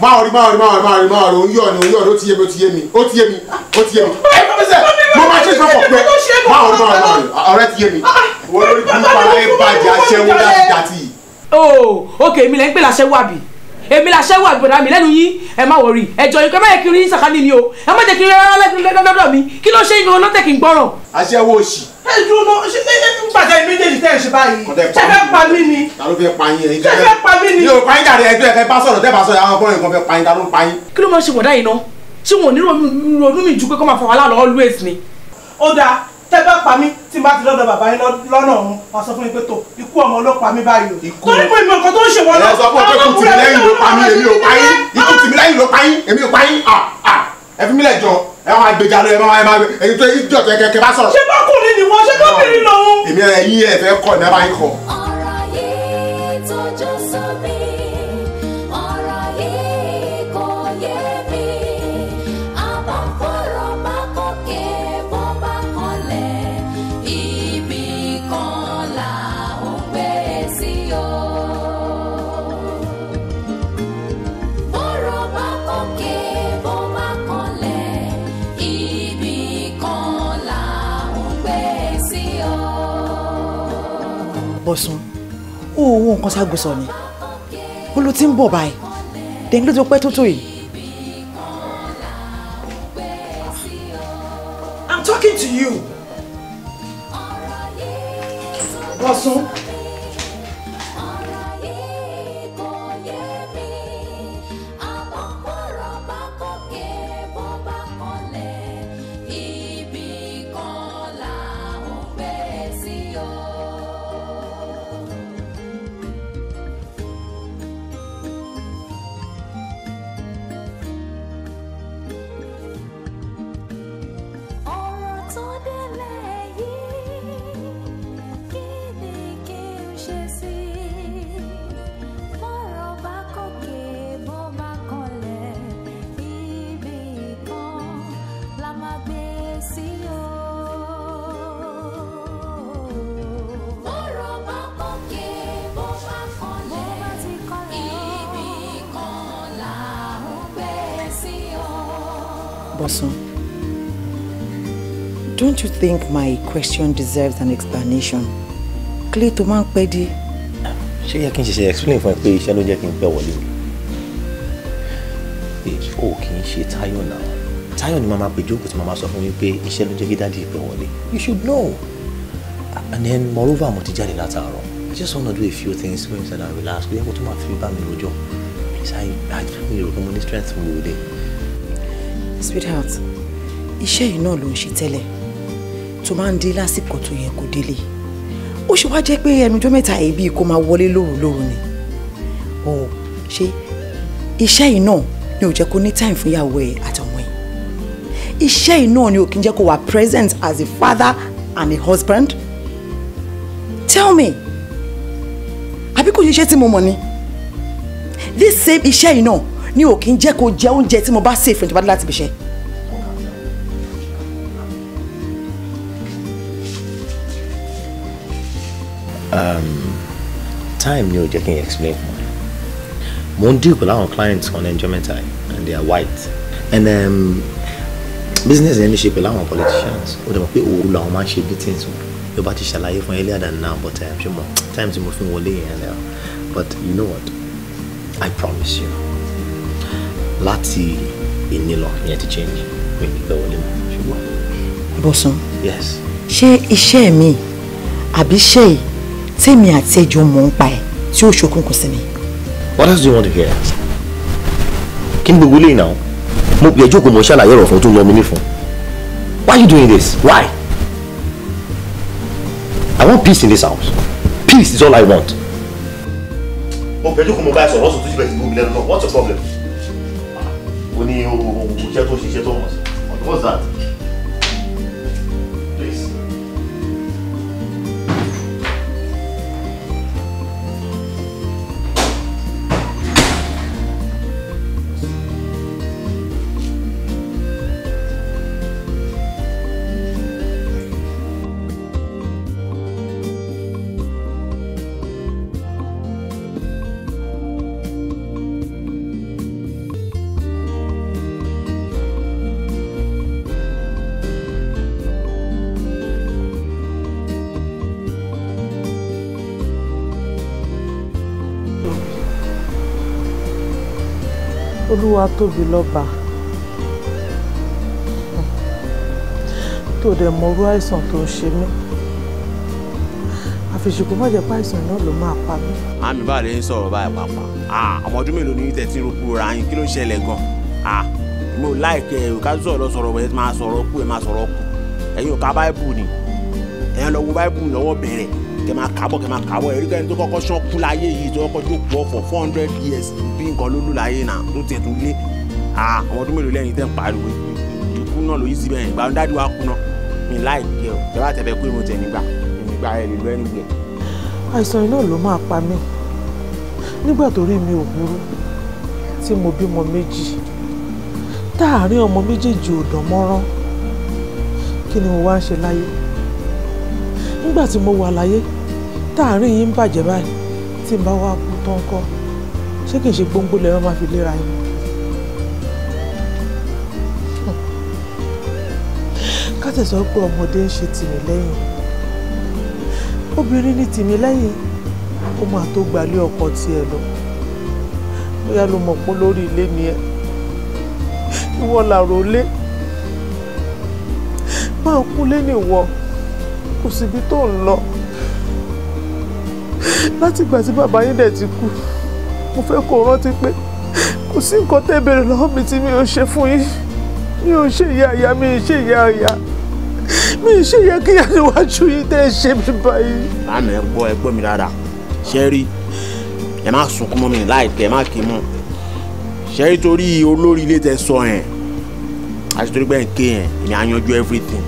D: máa rí máa rí máa rí máa rí máa rí òun yọ̀ ni òun yọ̀ ni ó ti yé mi ó ti yé mi ó ti yé mi ó ti yé mi ẹ bá mi sẹ mo máa ṣe ìṣọ́pọ̀ pé máa rí máa rí máa rí ọ̀rẹ́ ti yé mi ah, wọ́n lórí bí pàlẹ́ bàjẹ́ aṣẹ́wó dáadáa ti. o oh, òkè mi lẹ́ ń pè láṣẹ́wó àbí èmi làṣẹ wà gbọdọ mi lẹ́nu yín ẹ má wọrí ẹjọ yìí kẹ má yẹ kí n sàkánì mi o ẹ má jẹ kí n rárá lọ́dọ̀ mi kí ló ṣe ń gan lọ́tẹ̀ gbọ́rọ̀. aṣẹ́wó òṣì. ẹ dúró mọ ṣe ṣe gbàgbé méjèèjì tẹ́ ẹ ṣe báyìí ṣe pa mí ni ṣe pa mí ni. yóò pààyàn dàrí ẹjọ́ ẹ̀fẹ́ bá sọ̀rọ̀ tẹ́ bá àwọn ọkùnrin kan fẹ́ pààyàn dàrú tẹ́ bá pa mí tí n bá ti lọ́dọ̀ bàbá yín lọ́nà ọ̀hún wàá sọ fún mi pé tó ikú ọmọ ló pa mí báyìí o torí pé ìmọ̀ nǹkan tó ń ṣe wọ́n lọ àwọn ọkùnrin ẹ̀mí ló pa mí èmi ò pa yín ikú tìmí lẹ́yìn ló pa yín èmi ò pa yín ẹ fi mí lẹ̀ ẹ máa gbèjà lọ ẹ máa máa èyí tó yí jọ kẹkẹ bá sọ̀rọ̀. ṣé bákùnrin ni ṣé bákùnrin lòun. èmi ẹ̀yin bọ̀sùn ó owó nǹkan ságùsọ ni ó ló ti ń bọ̀ báyìí dẹ́n ló ti pẹ́ tó tó yìí. I'm talking to you. Bọ̀sùn. think my question deserves an explanation. Clay to máa ń pẹ́ dé. Ṣé yẹ kí n ṣẹ̀ṣẹ̀ explain fún ẹ pé iṣẹ́ ló jẹ́ kí n pẹ́ wọlé? O kì í ṣe Táyọ̀ náà. Táyọ̀ ni màmá pè jókòó tí màmá sọ fún mi pé iṣẹ́ ló jẹ́ kí dáàdi pẹ́ wọlé. You should know. And then moreover mo ti jáde látàárọ̀. I just wanna do a few things when you say that relax. Bí ẹ̀kọ́ tó máa fi bá mi lójọ́. Please, I, I feel your common strength for you today. Sweetheart, iṣẹ́ yìí náà ló ń ṣe tẹ́lẹ̀ tó máa ń dé lásìkò tó yẹ kó délé ó ṣe wá jẹ́ pé ẹnujọ́ mẹ́ta yìí kó máa wọlé lóru lóru ni ò ṣe iṣẹ́ yìí náà ni ò jẹ́ kó ní time fún ìyàwó ẹ̀ àtọmọ ẹ̀ iṣẹ́ yìí náà ni ò kí ń jẹ́ kó wà present as a father and a husband tell me àbí kò ṣiṣẹ́ tí mo mọ̀ ni this same iṣẹ́ yìí náà ni ò kí ń jẹ́ kó jẹ oúnjẹ tí mo bá sè fún ìjọba láti fi time ni ò jẹ́ kí explain fún mi mo ń deal pẹ̀lú àwọn clients on ní ẹjọ́ and they are white and um, business yẹn ní ṣe pẹ̀lú politicians We don't mọ̀ pé òru làwọn máa ń ṣe meetings wọn yóò bá ti ṣàlàyé fún earlier than now but times um, ṣe mọ̀ time tí mo fi wọlé yẹn lẹ́yìn but you know what I promise you láti èmi lọ yẹn ti change We need to go. mi ṣùgbọ́n. Bọ̀sán. yes. ṣé share me. I be share tèmi àti ẹjọ́ mọ̀ ń pa ẹ̀ tí ó ṣokùnkùn sí mi. What else do you want to hear? kí ni gbogbo eléyìí náà mo pè é jókòó mo ṣàlàyé ọ̀rọ̀ fún tó ń lọ mi nífun Why are you doing this? Why? I want peace in this house. Peace is all I want. mo pè é jókòó mo sọ̀rọ̀ ọ̀sùn tó ti bẹ̀rẹ̀ sí gbogbo mi What's your problem? Ah, o ní o ṣe tó ṣiṣẹ́ tó wọ́n sí What's that? olúwa tóbi lọ́ba tó dẹ̀ mọ̀rú àìsàn tó ń ṣe mí àfẹ̀sìnkú má jẹ́ páìsàn náà ló máa pa mí. àmì bá lè ń sọ̀rọ̀ báyìí pàápàá àwọn ọdún mélòó ni yín tẹ̀sí rúkú ra yín kí ló ń ṣẹlẹ̀ gan-an mo láìkẹ́ ẹ̀ ká sọ̀rọ̀ sọ̀rọ̀ ẹ̀ máa sọ̀rọ̀ kú ẹ̀ máa sọ̀rọ̀ kú ẹ̀yin ò ka báìbù ni ẹ̀yin lọ wo báìbù lọ́wọ́ bẹ̀rẹ̀ kẹ máa kábọ̀ kẹ máa kábọ̀ ẹ̀rí kẹ́ni tó kọ́kọ́ sán kú láyé yìí tó kọ́kọ́ jókòó for four hundred years bí nǹkan ló láyé náà tó tiẹ̀ tún lé àwọn ọdún mélòó lẹ́yìn tẹ́ ń pariwo ikú náà ló yí síbẹ̀ yẹn ìgbà dáàdi wa kú mi láì kí ẹ tẹ bá tẹ̀lé pé mo tẹ̀ nígbà nígbà ẹ lè lọ ẹni gbẹ. àìsàn iná ló máa pa mí nígbà tó rí mi ò burú tí mo bímọ méjì táàárín ọmọ méjèèjì ò mọ́rán kí ni mo wá ń ṣe láyé nígbà tí mo wà láyé táàrin yìí ń bàjẹ́ báyìí tí n bá wá kú tán kọ́ ṣé kìí ṣe gbóngbó lẹ́rọ máa fi léra yín. káṣẹ̀ sọ pé ọmọdé ń ṣe tìmí lẹ́yìn obìnrin ní tìmí lẹ́yìn ó máa tó gbalé ọkọ tiẹ̀ lọ bóyá ló mọ̀ pé lórí ilé ni ẹ ìwọ làrò lé máa kú lé nìwọ kò síbi tó ń lọ látìgbà tí bàbá yín dẹ̀ ti kú mo fẹ́ kó rántí pé kò sí nǹkan tẹ́ bèrè lọ́wọ́ mi tí mi ò ṣe fún yín mi ò ṣe ìyá ìyá mi ò ṣe ìyá ìyá
B: mi ò ṣe ìyá kíyà níwájú yín tẹ́ ẹ ṣe mi báyìí.
D: láàmì ẹ gbọ́ ẹ gbọ́ mi dáadáa ṣe rí ẹ má sunkún mọ́ mi láìpẹ́ ẹ má kí mọ́ ṣe rí torí olórí ilé tẹ sọ yẹn àti torí pé ń ké yẹn ìyẹn á yanjú everything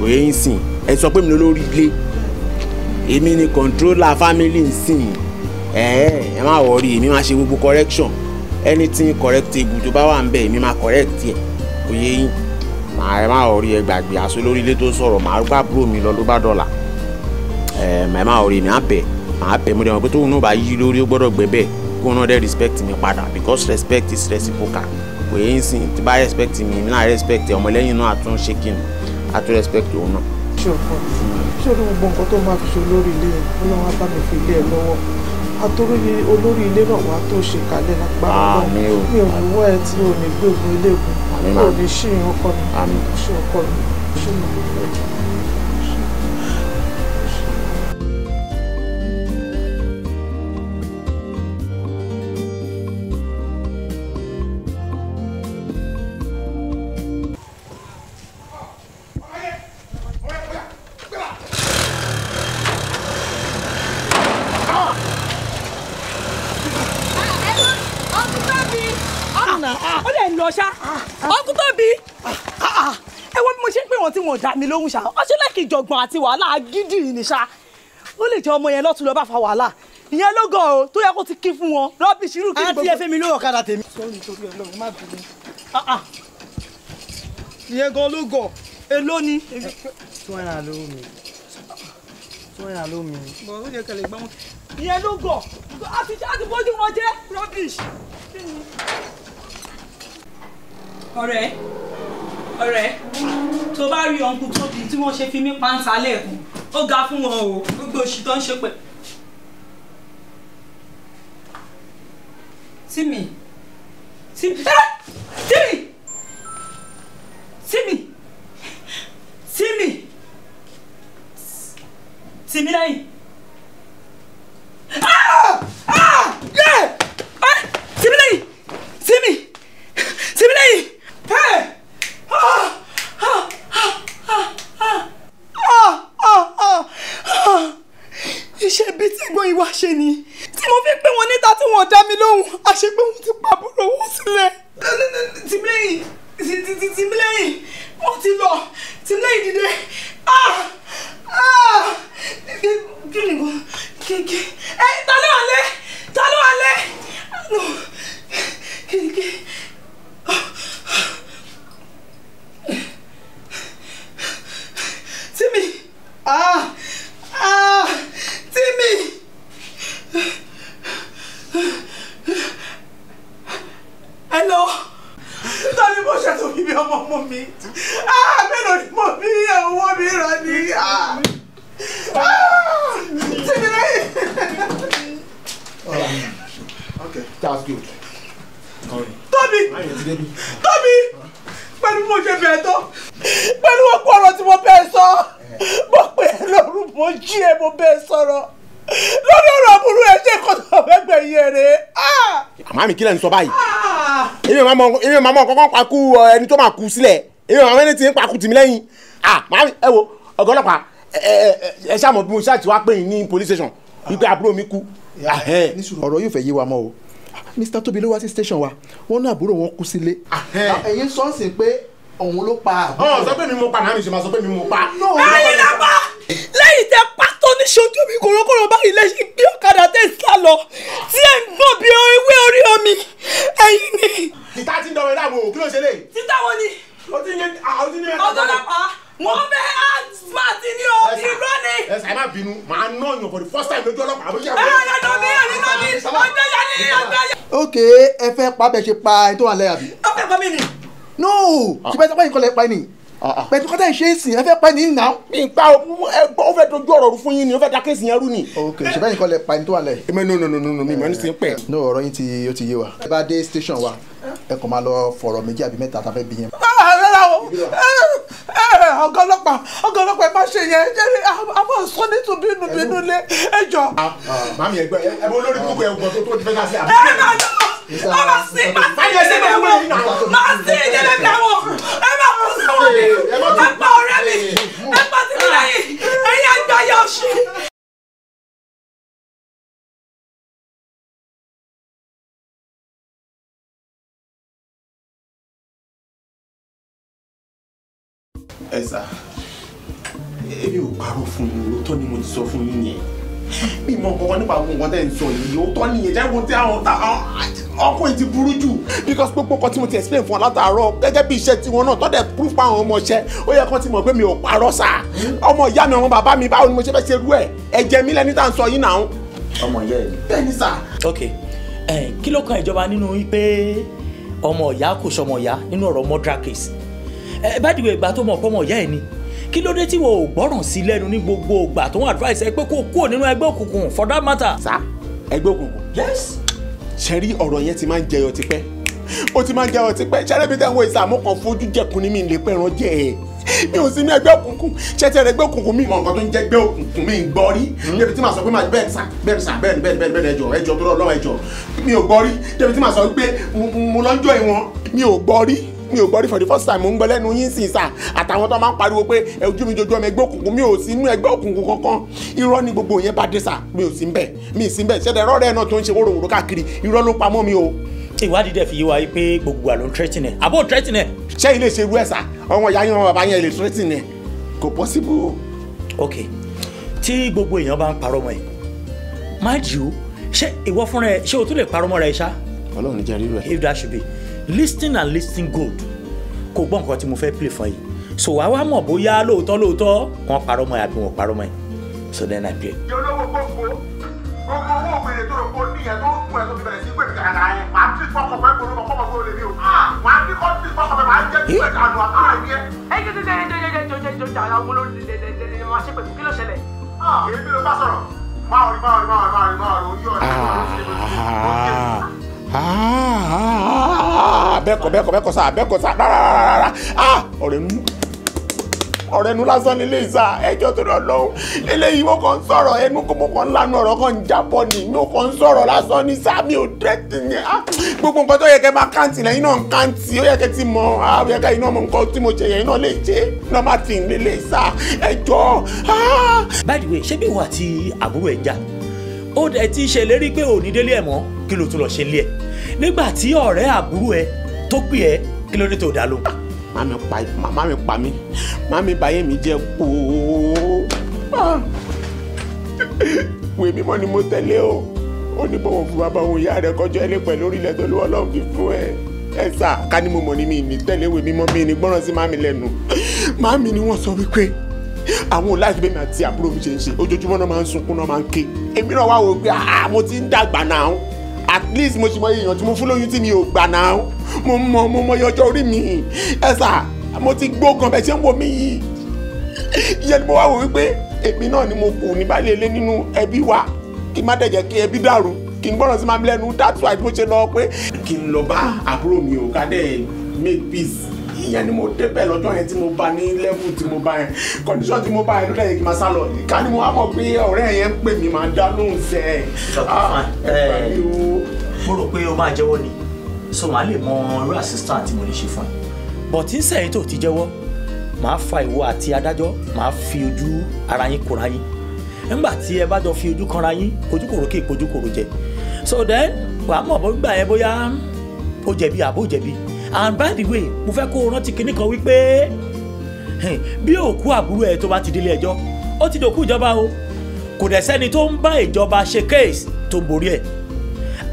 D: kò yẹ yín sìn ẹ sọ pé mi lórí ilé èmi ni controller family nsìn ẹ ẹ má wọrí èmi máa ṣe gbogbo correction anything correctable tó bá wà ń bẹ èmi máa correct ẹ òye yín màá ẹ má wọrí ẹ gbàgbé aṣọ lórí ilé tó sọ̀rọ̀ màá gbà búrò mi lọ ló bá dọ̀là ẹ ẹ má wọrí èmi á bẹ̀ màá mo dẹ̀ pé tóun náà bá yí lórí ó gbọ́dọ̀ gbẹ bẹ́ẹ̀ kóun náà dẹ̀ respect mi padà because respect is reciprocal òye yín sìn tí bá respect mi èmi náà respect ọmọlẹ́yìn náà àtúnṣe kìnnì àtún respect òun náà sórí gbogbo nǹkan tó máa fi ṣe olórí ilé yẹn ọlọ́run á bá mi fi ilé ẹ lọ́wọ́ àtòrí olórí ilé náà wàá tó ṣe kalẹ̀ lágbára náà mi ò wọ́ ẹ tí o ní gbégun ilé ìgbìmọ̀ ò ní ṣí ìrànkọ́ mi ṣí ọkọ mi ṣí ìrànkọ́ mi. lóhùn ṣá ọ ṣe lẹ́kì ìjọ̀gbọ̀n àti wàhálà gidi ni ṣá ó lè jẹ́ ọmọ yẹn lọ́tún lọ́ọ́ bá fa wàhálà ìyẹn ló gan o tó yẹ kó ti kí fún wọn rọ́bì ṣírù kí gbogbo. àti ẹfẹ mi ló wọ kádà tèmi. sọ́ọ́nì torí ọlọ́run má bínú. Ah, ah. ìyẹn gan ló gọ̀ èló ni. two hundred ló mi two hundred ló mi. bọ̀ ó yẹ kẹlẹ̀ gbọ́n. ìyẹn ló gọ̀ àti bójú wọn jẹ́ rọ́bì ọ̀rẹ́ tó bá rí ọ̀nkú tóbi tí wọ́n ṣe fi mí pàǹsá lẹ́ẹ̀kún ó ga fún wọn o gbogbo òṣì tó ń ṣe pẹ̀. Tímì Tímì Tímì Tímì Tímì Tímì lẹ́yìn. Ah, ah, ah, Tímì lẹ́yìn Tímì Tímì lẹ́yìn iṣẹ́ bíi tí gbọ́n ìwà ṣe ni tí mo fi pé wọn níta tí wọn dá mi lóhùn àṣẹ pé wọn ti pa àbúrò wọn sílẹ̀. tìmílẹ́yìn tìmílẹ́yìn wọ́n ti lọ tìmílẹ́yìn dìde ah! Ah! kí ni wọ́n kéèké ẹ ta ló wà lẹ́ ta ló wà lẹ́ kéèké. ah ah Timmy, hello tani mo ṣètò bíbí ọmọ ọmọ mi ah mélòó ni mo bí owó mi rọ ni ah. ah Timi lẹ́yìn.
B: Okay, that's good.
D: Tóbi! Tóbi! Pẹ̀lú mo ṣe bẹ̀ẹ́ tó, pẹ̀lú ọkọ ọ̀rọ̀ tí mo bẹ́ẹ̀ sọ mo pè é e lọ́rùn mo jí ẹ e, mo bẹ́ẹ̀ sọ̀rọ̀ lórí ọ̀rọ̀ burú ẹ ṣe kó tó fẹ́gbẹ̀ yé rè. Ah! àmọ́ àmì kílẹ̀ ń sọ báyìí
A: ah!
D: èmi máa mọ èmi máa mọ kọ́kọ́ pakú ẹni tó máa kú sílẹ̀ èmi máa mọ ẹni tí ń pakú tìmí lẹ́yìn ah, màmí ẹ wo ọ̀gá ọlọ́pàá ẹ ṣàmọ̀ bí mo ṣáà wá pè yín ní police station wípé àbúrò mi kú. ọ̀rọ̀ yóò fẹ́ yé wa mọ́ o Mr. Tóbi ló wá sí station wa wọ́n ní àbúrò wọn kú sílé ẹ̀yin sọ́ọ̀sì pé òun ló pa àbúrò. ọ sọ pé mi mo pa náà mi ṣe máa sọ pé mi mo pa. ẹyin la pa lẹ́yìn tẹ pátó ní ṣojú mi kòrókòrò báyìí lẹ́sìn gbé ọ̀kadà tẹ̀ sá lọ tí ẹ̀ ń gbọ̀n bí ewé orí omi ẹ̀yin ni. títà ti ń dọ̀rọ̀ dáàbò kí ló ṣe lè. títà wo ni. o ti ń o ti ń yẹn. ọ̀dọ́ pa mo bẹ asmat ni o irọ́ ni. ẹ sà ẹ má bínú màá ná ọyàn for the first time lójú ọlọ́pàá àbújá.
B: ẹ ẹ lọ́dọ̀ mi ẹ lọ́dọ̀ mi
D: ọjọ́ yẹn ni ọjọ́ yẹn. ok ẹ fẹ́ pa bẹ́ẹ̀ ṣe pa ẹni tó wà lẹ́yà bí. ọ no ah. ṣùgbọ́n ìjọba yìí kọ́ lẹ́ pa ni pẹ̀lú kọ́tà ìṣe ìsìn ẹ fẹ́ pa ni nà. ìpa ó fẹ́ dojú ọ̀rọ̀ fún yín ni ó fẹ́ da kéésì yẹn rú ni. ok ṣùgbọ́n ìkọ́ lẹ́ pa tó wà lẹ̀. èmi no no no no mi ìmọ̀ sí pẹ̀. no ọ̀rọ̀ yín ti ó ti yé wa. ẹ bá dé station wa ẹ kàn máa lọ fọ̀rọ̀ méjì àbí mẹ́ta tá bí yẹn. Ah, ah, rárá o ọgá ọlọ́pàá ọgá ọlọ́pàá ẹ má ṣe yẹn a máa sọ nítú bínú bínú lé ẹjọ́. màmí ẹgbẹ́ ẹ bọ́ lórí gbogbo eh, ẹ̀ Honestly, ma ti ìdílé bẹ̀
B: wọ̀, ma ti ìdílé bẹ̀ wọ̀, ẹ má kó sẹ́wọ̀n mi, ẹ pa ọ̀rẹ́ mi, ẹ pa ti mi lẹ́yìn, ẹ̀yin àgbáyé ọ̀ṣì. ẹ sà èmi ò parọ́ fún yín òótọ́ ni mo ti sọ fún yín nìyẹn mi mọ nǹkan
D: nípa àwọn nǹkan tẹ́ ń sọ yìí òótọ́ nìyẹn jẹ́ wo tí àwọn ta ọkùnrin ti burú jù because gbogbo nǹkan tí mo ti explain fún ọ látàárọ̀ gẹ́gẹ́ bí iṣẹ́ tiwọn náà tọ́dẹ̀ proof pa àwọn ọmọ iṣẹ́ ó yẹ kán ti mọ̀ pé mi ò parọ́ sà ọmọ ìyá mi ọmọ bàbá mi báwo ni mo ṣe fẹ́ ṣe rú ẹ̀ ẹ̀jẹ̀ mi lẹ́ni tá à ń sọ yìí náà. ọmọ ìyá ẹ̀ ni. bẹ́ẹ̀ni sà. ok kí ló kan ìjọba nínú pé ọmọ ìyá kò sọmọ ìyá nínú ọ̀rọ̀ murder case ẹ bá dìbò ìgbà tó mọ̀ pọ́mọ ìyá ẹ̀ ni kí ló dé tí wọn ò gbọ́ràn sí lẹ́nu ní gbogbo ìgbà tó ń advice ẹ pé kó kúrò nínú ẹgbẹ́ òkùnkùn for that matter. sá ẹgbẹ́ òkùnkùn. yes. ṣe rí ọ̀rọ̀ yẹn ti máa ń jẹyọ tipẹ́ ó ti máa ń jẹyọ tipẹ́ ṣe rẹ́bi tẹ́wọ́ ìsàmú kan fojú jẹkun ní mi lè pẹ̀ràn jẹ ẹ̀ mi ò sí ní ẹgbẹ́ òkùnkùn ṣẹ́tẹ́ rẹ̀ ẹgbẹ́ òkùnkùn mi mọ̀ nǹkan tó ń jẹ́ ẹgbẹ́ òkùnkùn mi gbọ́ rí débi tí màá sọ pé màá bẹ́ẹ̀ sà bẹ́ẹ̀ sà bẹ́ẹ̀ bẹ́ẹ̀ bẹ́ẹ̀ bẹ́ẹ̀ ẹjọ́ ẹjọ́ tó lọ́wọ́ ẹjọ́ mi ò gbọ́ rí débi tí màá sọ pé mo lọ́jọ́ ìwọ̀n mi ò gbọ́ rí mi ò gbọ́ for the first time mo ń gbọ́ lẹ́nu yín sí sà àtàwọn tó máa ń pariwo pé ojú mi jojú ọmọ ẹgbẹ́ òkùnkùn mi ò sí inú ẹgbẹ́ òkùnkùn kankan irọ́ ni gbogbo yẹn bá dé sà mi ò sí ń bẹ̀ mi ì sí ń bẹ̀ ṣẹ́dẹ̀ rọ́ọ̀rẹ́ náà tó ń ṣe wóróworó káàkiri irọ́ ló pamọ́ mi o ìwádìí dẹ̀ fi yé wa yìí pé gbogbo àlọ́ threatening? nẹ̀ àbó tírẹ́tì nẹ̀. ṣé ilé ṣe irú ẹ̀ sà ọmọ ìyá yín ọmọ bàbá yẹn lè tírẹ́tì nẹ̀ kò pọ́síbù. ok tí gbogbo èèyàn bá ń parọ́ mọ́ ẹ má jù ú ṣé ìwọ if that should be listen and listen good kò gbọ́ nǹkan tí mo fẹ́ play fún yìí so wàá wá mọ̀ bóyá lóòótọ́ lóòótọ́ wọ́n parọ́ mọ́ ẹ àbí wọ́n parọ́ mọ́ ẹ so then I pray.
B: ìyá olówó gbogbo
D: gbogbo owó òmìnira tó rògbò níyà tó ń pẹ́ tó bẹ̀rẹ̀ sí pé gàrà ẹ̀ máa ń tí fọkàn pẹ́ gbòòrò kọ́kọ́ gbòòrò lèmi o máa ń tí kọ́ tí fọkàn pẹ́ máa ń jẹ́ pé àlọ́ àkàrà ni ẹ. ẹ jẹ́ jẹ́ jẹ́ jẹ́ jẹ́ jẹ́ jẹ́ jẹ́ àwọn olólùlẹ̀ máa ṣe pẹ̀lú kí ló ṣẹlẹ̀. èmi ló bá sọ̀rọ̀ máa rí máa rí máa
B: rí máa rí Ah, ah,
D: ah, bẹ́ẹ̀kọ́ bẹ́ẹ̀kọ́ bẹ́ẹ̀kọ́ sá bẹ́ẹ̀kọ́ sá rárá ọ̀rẹ́ nu ọ̀rẹ́ nu lásán nílé ìsà ẹjọ́ tó lọ lọ́hùn eléyìí mo kàn ń sọ̀rọ̀ ẹnu kó mo kàn ń lanu ọ̀rọ̀ kan ń jábọ̀ ni mo kàn ń sọ̀rọ̀ lásán ní sá mi ò dẹ́tì yẹn gbogbo nǹkan tó yẹ kẹ́ máa káǹtì lẹ́yìn náà ń káǹtì ó yẹ kẹ́ ti mọ àwọn yẹ kẹ́ iná mọ nǹkan tí mo jẹ yẹn iná lè jẹ iná má ti ń lé lè sá ẹjọ́. by the way ṣé bí ìwà àti àbúrò ẹ̀ já ó dẹ̀ ti ṣèlérí pé òní délé ẹ̀ mọ́ kí ló tún lọ ṣe nílé ẹ̀ nígbà tí ọ̀rẹ́ àbúrò ẹ tó pè ẹ́ kí ló dé tó dá lóhùn. màmí pa màmí pa mí màmí báyé mi jẹ́ kóó ìwé mímọ́ ni mo tẹ̀lé o ó ní bọ̀wọ̀ fún bàbá òun ìyá rẹ̀ kọjọ́ ẹlẹ́ pẹ̀lú orílẹ̀ tó lówó ọlọ́run fi fún ẹ ẹ sà ká ní mo mọ̀ ní mi ní tẹ̀lé ìwé mímọ́ mi ní gbọ́ràn sí màmí lẹ́nu màmí ni wọ́n sọ wípé àwọn láìpẹ́ bẹ́ẹ̀ mi àti àbúrò mi ṣe ń ṣe ojoojúmọ́ náà máa ń sunkún náà máa ń ké èmi náà wá wò pé àá ah, mo ti ń dàgbà náà at least mo ti mọ èèyàn tí mo fún lóyún tí mi ò gbà náà mo mọ mo mọ ọjọ́ orí mi ẹ sà mo ti gbó gan bẹ́ẹ̀ ṣe ń wò mí yìí ìyẹn ni mo wá wò wípé èmi náà ni mo kù ní balẹ̀ ilé nínú ẹbí wa kí má dẹ̀ jẹ́ kí ẹbí dàrú kí n gbọ́dọ̀ sí máa lẹ́nu that's why mo ṣe lọ pé kí n lọ bá àbúrò mi ò ká dẹ̀ make peace ìyẹn ni mo débẹ̀ lọ́jọ́ yẹn tí mo bá ní level tí mo bá yẹn condition tí mo bá yẹn ló dẹ̀ yẹ kí máa sá lọ ká ní mo wá mọ̀ pé ọ̀rẹ́ yẹn pè mí máa dá lóhùn sẹ́ ah, eh, mo rò pé o máa jẹ́wọ́ ni so màá lè mọ irú assistant
A: tí mo lè ṣe fún ẹ.
D: bọ̀tí ń sẹ́yìn tó ti jẹ́wọ́ màá fa ìwọ àti adájọ́ màá fi ojú ara yín kóra yín nígbà tí ẹ bá jọ fi ojú kanra yín kojúkòrò kí kojúkòrò jẹ so then wàá mọ̀ bó gbà yẹn bóyá ó jẹ̀bi àbó jẹ̀bi and by the way mo fẹ́ kó o rántí kinní kan wípé bí òkú àbúrò ẹ̀ tó bá ti délé ẹjọ́ ó ti dòkú ìjọba o kò dẹ̀ sẹ́ni tó ń bá ìjọba ṣe case tó ń borí ẹ̀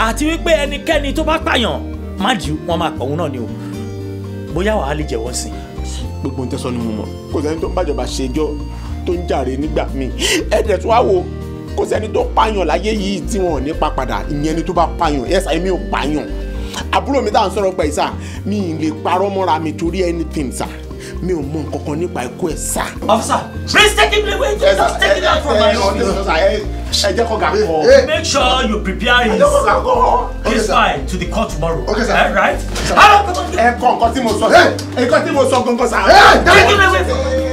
D: àti wípé ẹnikẹ́ni tó bá pààyàn má jù wọn máa pọ̀ òun náà ni o bóyá wàá lè jẹ́wọ́ sí i. gbogbo ń tẹ́sán ni mo mọ̀ kò sẹ́ni tó bàjọba ṣèjọ́ tó ń jàre nígbà míì ẹ̀jẹ̀ tó wá wo kò sẹ́ni tó pààyàn láyé yìí tí wọn ò ní pa padà ìyẹn ni tó bá pààyàn ẹ̀sà èmi ò pààyàn àbúrò mi tá à ń sọ̀rọ̀ pẹ̀ sà mi ì lè parọ́ mọ́ra mi torí anything sà mi ò mọ nǹkan nípa ikú ẹ̀ sà. officer please take him away just take him out from my office. ẹ jẹ́ kó ga kọ́. make sure you prepare his his file to the court tomorrow. okay sir. right. ẹ kọ nǹkan tí mo sọ ẹ nǹkan tí mo sọ gangan sà. take him away
A: from my room.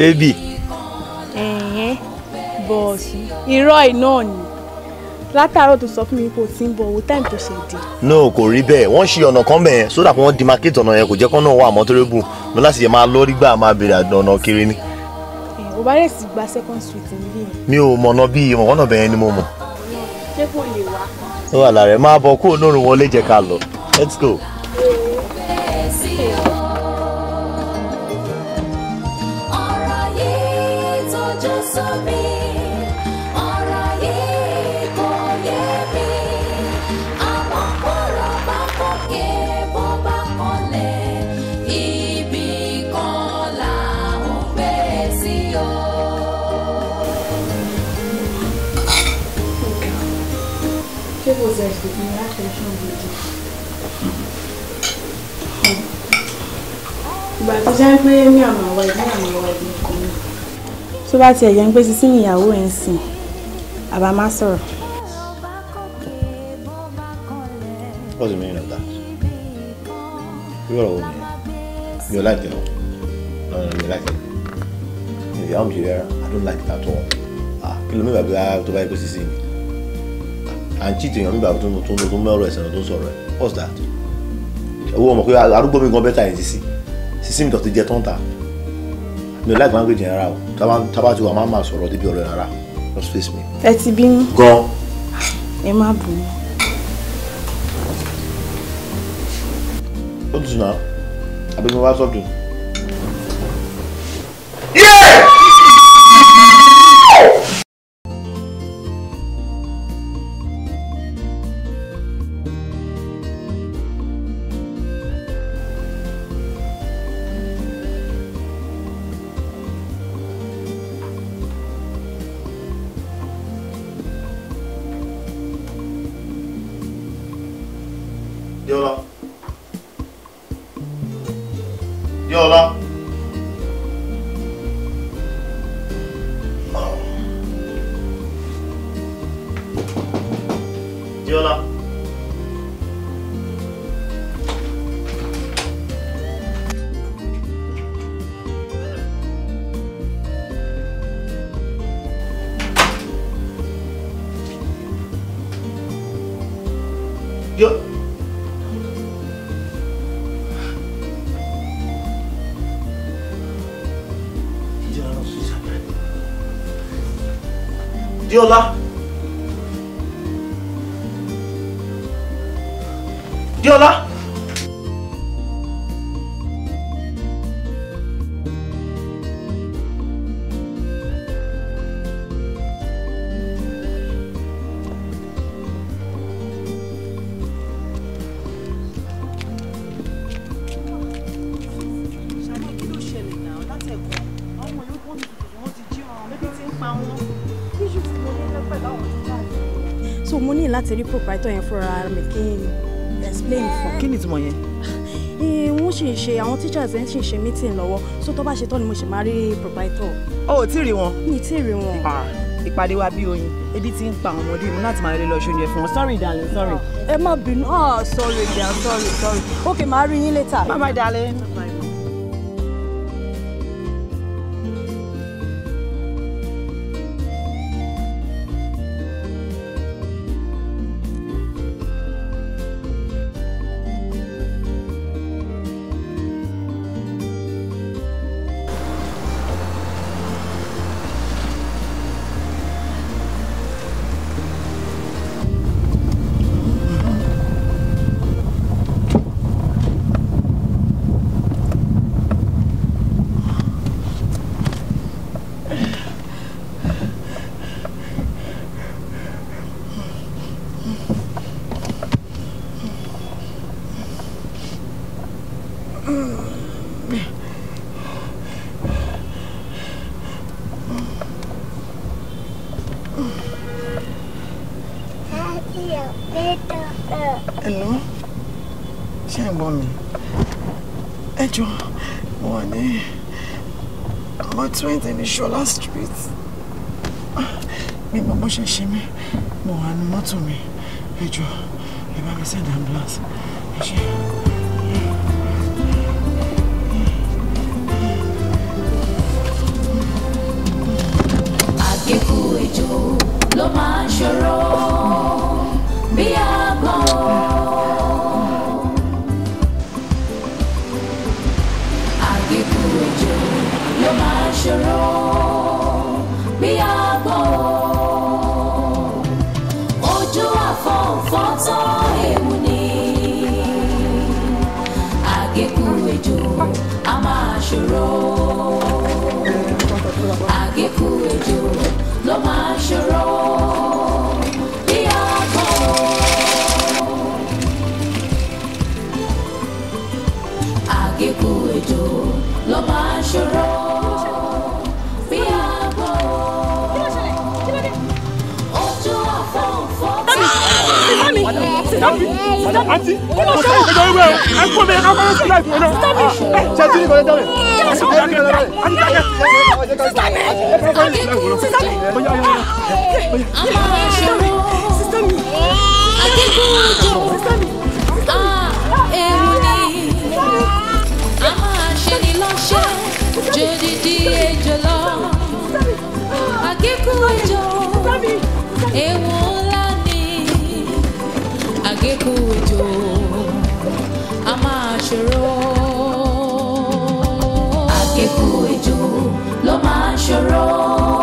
A: Baby, ẹ̀ẹ́n
D: bọ́ọ̀sì irọ́ iná ni látàárọ̀ tó sọ fún mi kò tí ń bọ̀ owó táìmù tó ṣe dé. no kò rí bẹ́ẹ̀ wọ́n ṣe ọ̀nà kan bẹ́ẹ̀ sódà pé wọ́n demarcate ọ̀nà yẹn kò jẹ́ kọ́nà wà mọ́tòrébù mo láti yẹ máa lórí gbà máa bèrè ọ̀nà kiri ni. ẹ ò bá rẹ̀ sì gba second street níbí yẹn. mi ò mọ̀nà bíi mọ̀kànnà bẹ́ẹ̀ ni mo mọ̀.
A: ṣé kò lè wá.
D: ó wà lára ẹ máa bọ kúrò lórun wọlé jẹ ká lọ let's go. pé mí
A: àmọ́ wa ìdí àmọ́ wa ìdí nǹkan náà.
D: tó bá tiẹ̀ yẹ ń gbé sísí ìyàwó ẹ̀ ń sìn àbá má sọ̀rọ̀. What's the meaning of that? You are a woman. You like it. No, no, you like it. If you am here, I don't like it at all. Ah, kí ló mi bàbá tó bá yẹ kó sísí ah, mi? À ń chìtì èèyàn mi bàbá tó ń tó ń mẹ́rọ ẹ̀sẹ̀ náà tó ń sọ̀rọ̀ ẹ̀. What's that? Owó ọmọ pé arúgbó mi gan bẹ́tà yẹn sísí sísìn tó ti jẹ tó ń ta mi ò láìpẹ́ language rárá o tábà tí wà máa máa sọ̀rọ̀ débi ọ̀rọ̀ rárá just face me. ẹ ti bínú. gan. ẹ má bù ú. ó dùn náà àbí mo bá sọ́dún. Diola. Diola. láti rí proprietor yẹn fúnra mi kí n explain fún. kí ni ìtumọ̀ yẹn. Eh, wọ́n sì ń ṣe àwọn teachers ẹ̀ ń sì ń ṣe meeting lọ́wọ́ so tó bá ṣe tán ni mo ṣe máa rí proprietor. o ò tí ì rí wọn. mi tí ì rí wọn. ìpàdé wa bí oyin ebi ti ń pa àwọn ọmọdé mi láti máa rí lọ ṣoúnjẹ fún wọn sorry darling sorry. ẹ má bínú ah, sorry dear sorry sorry okay màá rí yín later. bye bye darling. Ṣọlá street mi mọ bó ṣe ṣe mí mo wà ní mọ́tò mi ẹ jọ̀ọ́ ẹ bá mi
A: send ambulance ẹ
D: àti
B: ọ̀sẹ̀ ìgbẹ́jọ́ wíwẹ́ o ẹ kó mi ẹ̀ka kọ́lé sí
D: láìpẹ́ náà ṣe tí ní kọ́lé
B: dáwẹ̀ àti
D: dákẹ́ àti dákẹ́ ẹ̀ka kọ́lé sí láìpẹ́ náà bóyá bóyá
A: bóyá. Jodidi ejò lọ, akíkú ejò, ewu kíkú òjò a máa ṣòro. àkíkú òjò ló ṣòro.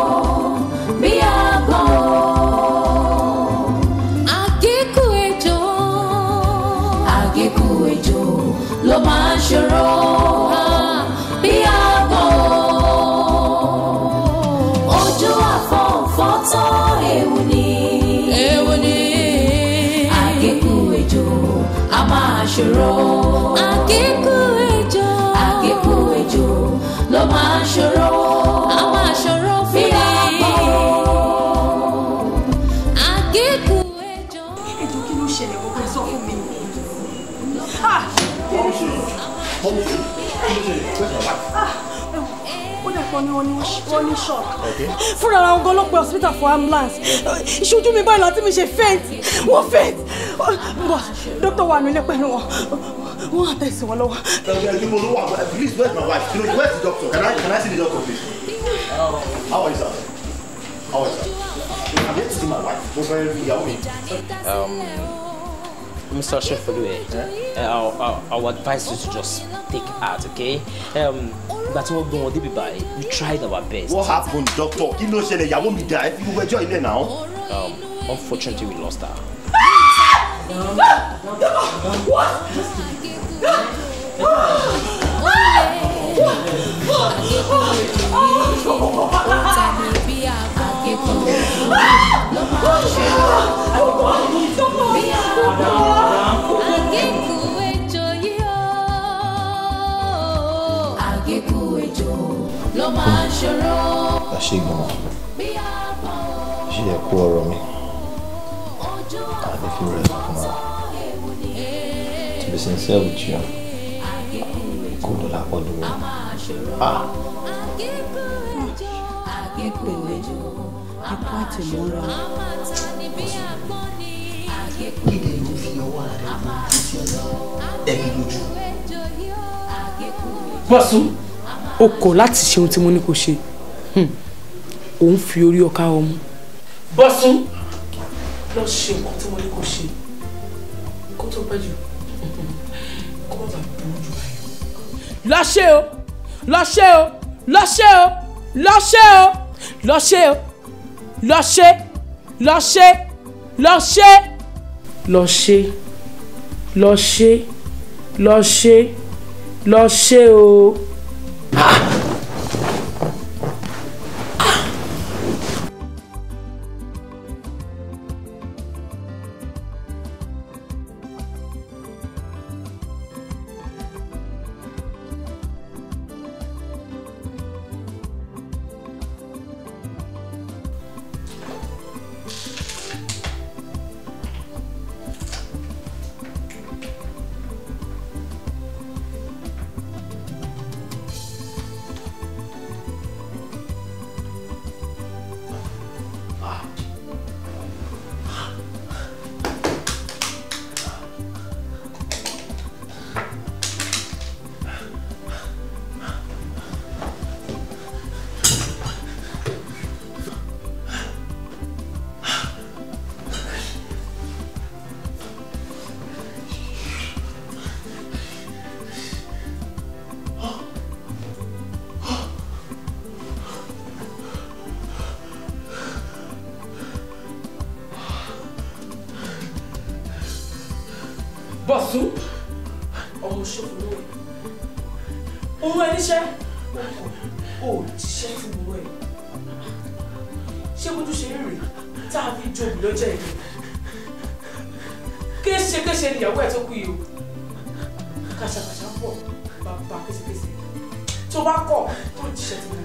A: ṣòro. àgékù ejò. àgékù ejò ló máa ṣòro. a máa ṣòro fún mi. àgékù ejò. ètò kí ló ṣẹlẹ̀ gbogbo ẹ̀ sọ fún
D: mi. Ah! ó dàpọ̀ ni wọ́n ní ṣọ́ọ̀kì fúnra ara wọn gan ló pe hospital for ambulance ìṣojú mi báyìí láti mi ṣe faint wọ́n faint tó wà nílé pẹ̀lú wọn wọn àtẹ̀sí wọn lọ́wọ́. ẹ̀ẹ́dẹ́gbẹ̀rún ló wà please where's my wife you know where's the doctor can I can I see the doctor please. how are you sir how are you sir I'm here to see my wife mo fẹ́ ìyàwó mi. Mr. Um, Shefolue, yeah? uh, eh, I'll, I'll, I'll advise you to just take out, okay? Um, that's what we want by. We tried our best. What happened, doctor? You know, she said, "Ìyàwó mi die. you were joining now, um, unfortunately, we lost her.
B: ṣe
D: yẹ kó ọ̀rọ̀ mi àdéfín rẹ be sincere with you. Kódò lápọ̀ lówó.
A: Ìpele ah! ipò àtìmọ́ra. Kíni ló fi ọwọ́ rẹ̀ mú títí ọ̀dọ́ ẹ̀mí lójú?
B: Bọ́sù.
D: O kọ̀ láti ṣe ohun tí mo ní kò ṣe. Hmm. Òun fi orí ọkà ọmú. Bọ́sù. Lọ ṣe nǹkan tí mo ní kò ṣe. Kó tó pẹ́ jù. lọ ṣe o lọ ṣe o lọ ṣe o lọ ṣe o lọ o lọ ṣe lọ ṣe lọ ṣe lọ ṣe lọ shit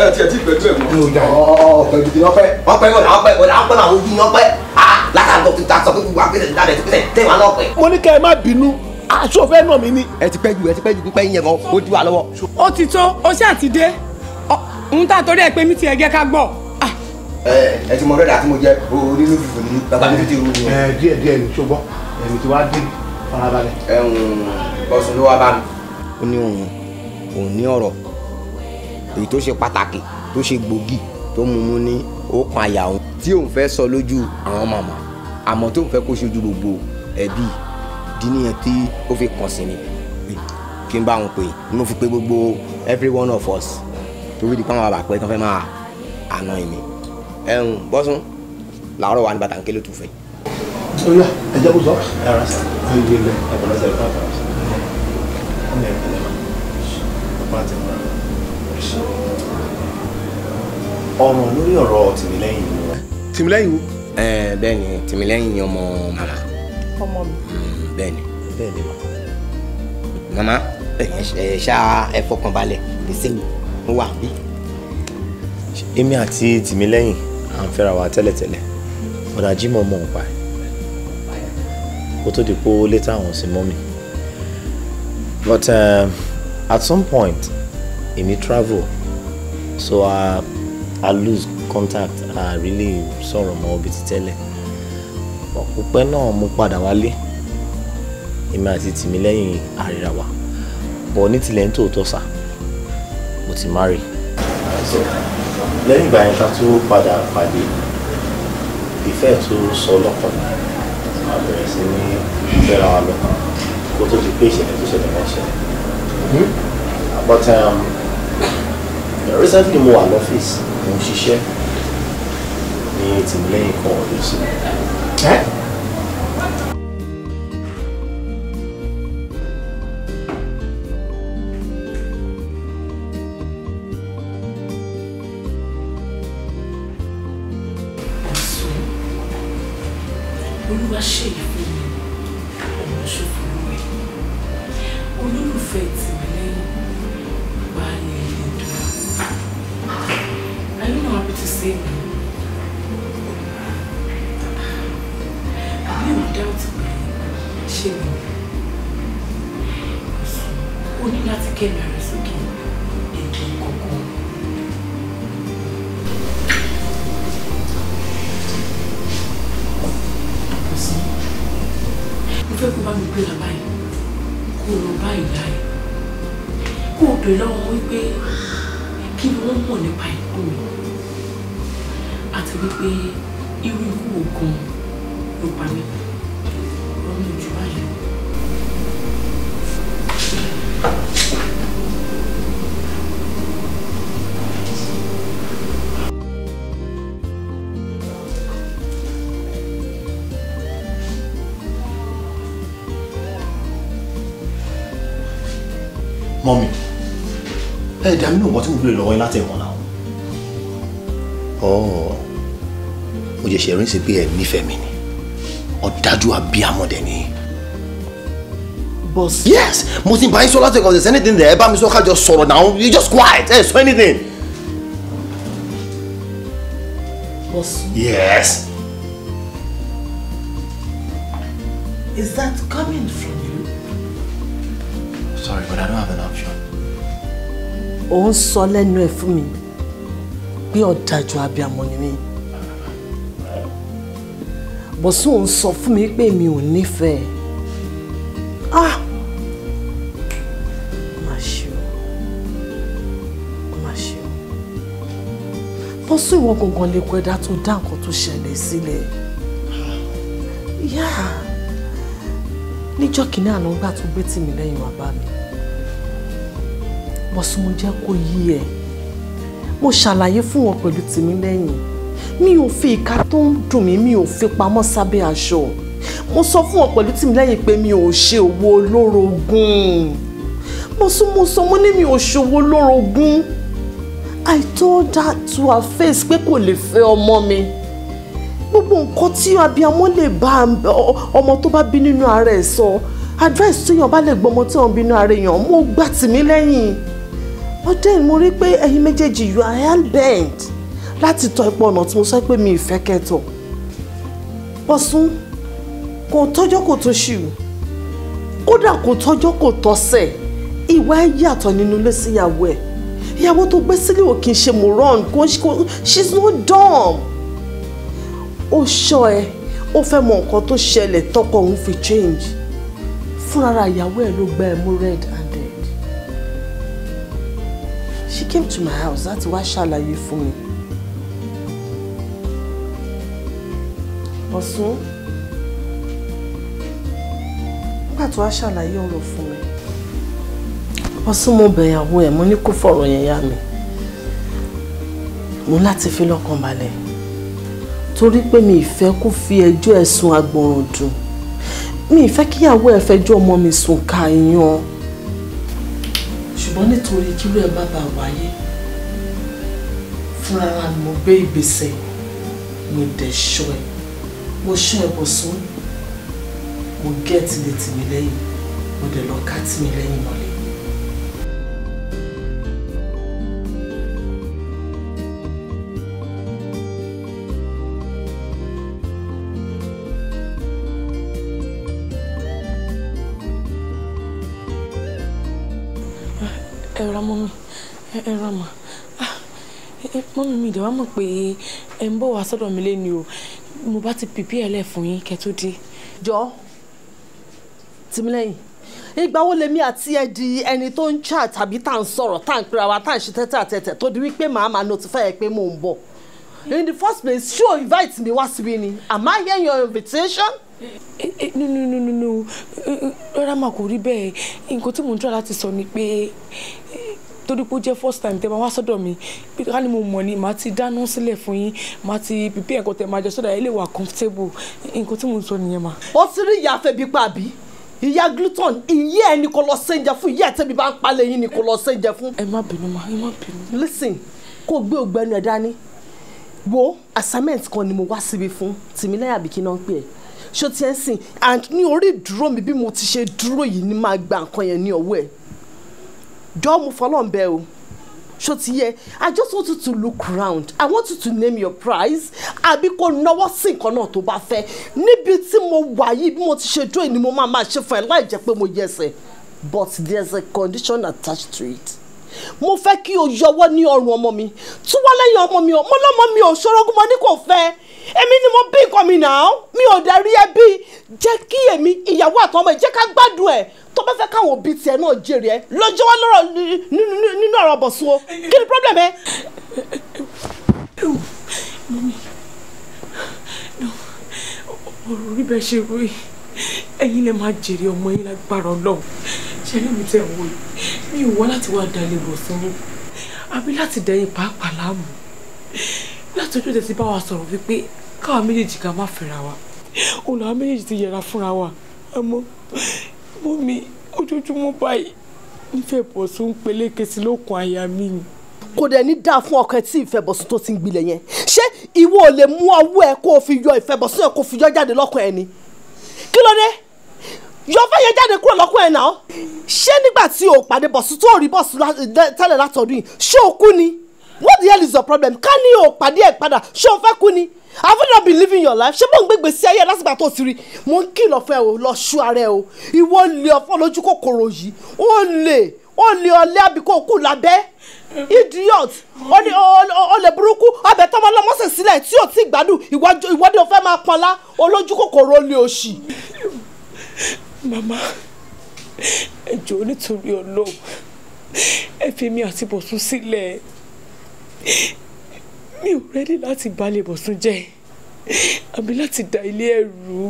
D: ẹ mo ní kẹ́ ẹ má bínú aṣọ fẹ́ nà ni. ẹ ti pẹ́ ju ẹ ti pẹ́ ju pípẹ́ yín yẹn gan ó wa lọ́wọ́. ó ti tó ó ṣáà ti dé òun tà torí ẹ pé mi ti ẹ ká gbọ́. ẹ ti mọ rẹ́dà tí mo jẹ onínú fìfò ní bàbá mi ti rú ni. ẹ díẹ̀ díẹ̀ ní ṣùgbọ́n èmi ti wá dé farabalẹ̀. ẹ ń bọ́sùn ló wá bá mi. ó ní òun òun ní ọ̀rọ̀ èyí tó ṣe pàtàkì tó ṣe gbòógì tó mumu ní òkun àyà òun tí òun fẹ́ sọ lójú àwọn màmá àmọ́ tó ń fẹ́ kó ṣojú gbogbo ẹbí díníyàn tí ó fi kàn sí mi kí n bá wọn pè mo fi pe gbogbo every one of us torí di pàmò àbàpẹ́ tó fẹ́ máa àná ẹ̀mí ẹ̀hún bọ́sùn làárọ̀ wa ní bàtà nkélé tó fẹ́. ó yà ẹ jẹ́ kó sọ ẹ rà sá ẹ yé lẹ ẹ bọ̀dọ̀ sẹ́yìn fún àtàwọn ọmọ ẹ̀ ẹ̀ ẹ̀ ẹ̀ pàtẹ́. ọ̀rọ̀ lórí ọ̀rọ̀ tìmílẹ́yìn wọn. tìmílẹ́yìn ẹ bẹ́ẹ̀ ni tìmílẹ́yìn ọmọ màmá. ọmọ mi. Mm, bẹ́ẹ̀ ni. bẹ́ẹ̀ ni màmá. màmá ẹ ṣá ẹ fọkàn balẹ̀ gbèsè mi mo wà bí. èmi àti tìmílẹ́yìn à ń fẹ́ra wa tẹ́lẹ̀tẹ́lẹ̀ ọ̀dà jímọ̀ mọ̀ ọ̀pá ẹ̀ kó tó di pé ó lé táwọn sí mọ́ mi but um, at some point èmi travel so uh, a lose contact a really sọ̀rọ̀ mọ́ ibi ti tẹ́lẹ̀ ọ̀pọ̀pẹ́ náà mo padà wálé èmi àti tìmí lẹ́yìn àríra wa bọ̀ ní tilẹ̀ ń tòótọ́ sá mo ti marry. lẹ́yìn ìgbà yẹn ká tó padà pàdé ìfẹ́ tó sọ lọ́kàn
B: máa bẹ̀rẹ̀ sí ní fẹ́ra wa lọ́kàn kó tó di pé ìṣẹ̀lẹ̀ tó ṣẹlẹ̀ wọ́n ṣẹlẹ̀. Hmm?
D: but um, recently mo wà lọ́fíìsì. 你么厉一口就是？哎？
B: 我睡。我睡。
D: nínú nǹkan tí mo bèrè lọ́wọ́ yín láti ẹ̀kọ́ náà. ọ oh, mo ṣẹ̀ṣẹ̀ rí sí pé ẹ nífẹ̀ẹ́ mi ni ọ̀dájú abiyamọ̀dẹ̀ ni. boss. yes mo ti bá yín sọ láti ẹ̀kọ́ there's anything there ẹ bá mi sọ ká sọ̀rọ̀ now you just quiet ẹ sọ anything. boss. yes. Is that coming from you? Sorry, but I don't have an option ò ń sọ lẹ́nu ẹ̀ fún mi pé ọ̀dájú abiyamọ ni mí bọ̀sùn ò ń sọ fún mi pé mi ò nífẹ̀ẹ́ ah má ṣe o má ṣe o bọ́sùn ìwọ gangan lè kọ ẹ̀dá tó dá nǹkan tó ṣẹlẹ̀ sílẹ̀ yáà níjọ́ kìíní àná gbà tó gbé tì mí lẹ́yìn wàá bá mi. Yeah bọ́sùn mo jẹ́ kó yí ẹ̀ mo ṣàlàyé fún wọn pẹ̀lú tèmi lẹ́yìn mi ò fi ìka tó ń dùn mí mi ò fi pamọ́ sábẹ́ aṣọ mo sọ fún wọn pẹ̀lú tèmi lẹ́yìn pé mi ò ṣe owó olórogún mo sún mo sọ mo ní mi ò ṣe owó olórogún I told her to her face pé kò lè fẹ́ ọmọ mi gbogbo nǹkan tí abiyamọ lè bá ọmọ tó bá bí nínú ara ẹ̀ sọ advice tó yàn bá lè gbọ́ ọmọ tó yàn bí nínú ara èèyàn mo gbà tì mí lẹ́yìn but then mo rí pé ẹ̀yin méjèèjì you are hell bent láti tọ ipò ọ̀nà tí mo sọ pé mi ìfẹ́ kẹtọ̀ Bọ́sún kò tọ́jọ́ kò tó ṣì o kódà kò tọ́jọ́ kò tọ́sẹ̀ ìwà ẹ̀ yàtọ̀ nínú ilé síyàwó ẹ̀ ìyàwó tó gbé sílé ò kì í ṣe moron kò she is no dumb ó ṣọ́ ẹ ó fẹ́ mọ nǹkan tó ṣẹlẹ̀ tọkọ òun fi change fúnra ìyàwó ẹ̀ ló gba ẹ̀ mú red eye she came to my house láti wá ṣàlàyé fún mi. Ọ̀sùn nígbà tó wá ṣàlàyé ọ̀rọ̀ fún mi. Ọ̀sùn mo bẹ̀yàwó ẹ̀ mo ní kó fọ̀rọ̀ yẹn yá mi. Mo lati fi lọ́kàn balẹ̀ torí pe mi ìfẹ́ kó fi ẹjọ́ ẹ̀sùn agbọ̀ràn dùn mi ìfẹ́ kíyàwó ẹ̀ fẹjọ́ ọmọ mi sùn ká yan ṣùgbọ́n nítorí kírú ẹ̀ má bàa wáyé fúnra ni mo gbé ìgbésẹ̀ mo dẹ̀ ṣọ́ ẹ mo ṣọ́ ẹ bọ̀ sún mo gẹ́ẹ̀tì létí mi lẹ́yìn mo dẹ̀ lọ ká tì lẹ́yìn mọ́lẹ̀. ẹ ra mọ́ mi ẹ ra mà mọ́ mi mi ìdè wá mọ̀ pé ẹ ń bọ̀ wá sọ́dọ̀ mi lẹ́ni o mo bá ti pìpì ẹ̀ lẹ̀ fún yín kẹ́ tó dé. jọ tìmílẹ́yìn ìgbà wo lèmi àti ẹ di ẹni tó ń chat tàbí tá à ń sọ̀rọ̀ tá à ń pera wa tá à ń ṣe tẹ́tẹ́ àtẹ̀tẹ̀ tó di wípé màá máa notify ẹ pé mò ń bọ̀ in the first place ṣé o invite mi wá síbí ni am I hearing your invitation? Eh, eh, no no no no no rárá mà kò rí bẹ́ẹ̀ nǹkan tí mò ń dúrà láti sọ ni pé torí pé ó jẹ́ first time tẹ́ máa wá sọ́dọ̀ mi pé ká ní mo mọ̀ ni màá ti dáná sílẹ̀ fún yín màá ti pípé ẹ̀kọ́ tẹ́ máa jẹ sọ́dọ̀ ẹ lè wà comfortable nǹkan tí mò ń sọ nìyẹn mà. ó ti rí ìyá afẹ́bí pàbí ìyá gluten ìyá ẹni kò lọ sẹ́ńjẹ fún ìyá ẹ̀tẹ́bí bá ń palẹ̀ yín ni kò lọ sẹ́ńjẹ fún. ẹ má bínú ma ẹ má bínú. listen kó o gbé ògbẹ́nu ẹ̀ dání wo assignment kan ni mo wá síbi fún tìmílẹ́yà bìkínà ń pè é ṣó ti ẹ́ sìn and ní orí ìdúró mi bí mo ti ṣe dúró yìí ni máa gba nǹkan yẹn ní ọwọ́ ẹ̀ jọ́ mo fọlọ́n bẹ́ẹ̀ o ṣó ti yẹ i just want you to look round i want you to name your price àbí kó náwó sí nǹkan náà tó bá fẹ́ níbi tí mo wà yìí bí mo ti ṣe dúró yìí ni mo máa máa ṣe fún ẹ láì jẹ́ pé mo yẹsẹ̀ but there's a condition attached to it mo fẹ́ kí o yọwọ́ ní ọrùn ọmọ mi tú wá lẹ́yìn ọmọ mi o mo lọ́mọ mi ò ṣorogún mo ní kò fẹ́ èmi ni mo bí nǹkan mi nà mi ò darí ẹbí jẹ́ kí èmi ìyàwó àtọmọ ẹ̀ jẹ́ ká gbádùn ẹ̀ tó bá fẹ́ káwọn òbí tiẹ̀ náà jèrè ẹ̀ lọ́jọ́ wá lọ́rọ̀ nínú ọ̀rọ̀ bọ̀sùn o kí ni problem ẹ. mọ́mí ọ̀rọ̀ orí bẹ́ẹ̀ ṣe rú ẹ̀yin lè máa jèrè ọmọ yín lágbára ọlọ́run ṣe rí mi tẹ̀ ń wò yìí mi ò wá láti wá da ilébọ̀ sínú àbí láti dẹ̀yìn pàápàá láàmú láti ojú tẹ̀ sí bá wa sọ̀rọ̀ wípé káwa méjèèjì ká má fẹ́ra wa òun làwa méjèèjì ti yẹra fúnra wa àmọ́ mú mi ojoojúmọ́ báyìí nífẹ̀ẹ́bọ̀sùn ń peléke sí lókun àyà mi ni kò dẹ̀ ní dáa fún ọkọ ẹ tí ìfẹ́bọ̀sùn tó ti ń gbilẹ̀ yẹn ṣé ìwọ ò lè mú ọwọ́ ẹ kó o fi yọ ìfẹ́bọ̀sùn ẹ kó o fi yọ jáde lọ́kàn ẹ ni kí ló dé yọ fẹ́ yẹn jáde kúrò lọ́kùn ẹ̀ náà ṣé nígbà tí o pàdé bọ̀sù tó rí bọ̀sù tẹ́lẹ̀ látọ̀dún yìí ṣé o kú ni what the hell is your problem ká ní o pàdé ẹ̀ padà ṣé o fẹ́ kú ni have you not been living your life ṣé mò ń gbégbé sí ayé lásìkò àti òsìrí mò ń kìlọ̀ fún ẹ o lọ ṣú ara ẹ o ìwọ lè ọ̀fọ̀ lójú kòkòrò yìí ó lè ó lè ọlẹ́ àbíkó kù lábẹ́ idiot olè burúkú ọbẹ̀ tọ́mọ lọ́mọ́sẹ̀ sílẹ̀ tí ò tí gbádùn ìwọ́de ò fẹ́ máa pọnlá olójú kòkòrò olè òṣì màmá ẹ jọ̀ọ́ nítorí Ọlọ́run ẹ fi mi àti bọ̀sùn sílẹ̀ mi ò rẹ́dí láti balẹ̀ bọ̀sùn jẹ́ àbí láti da ilé ẹ̀rú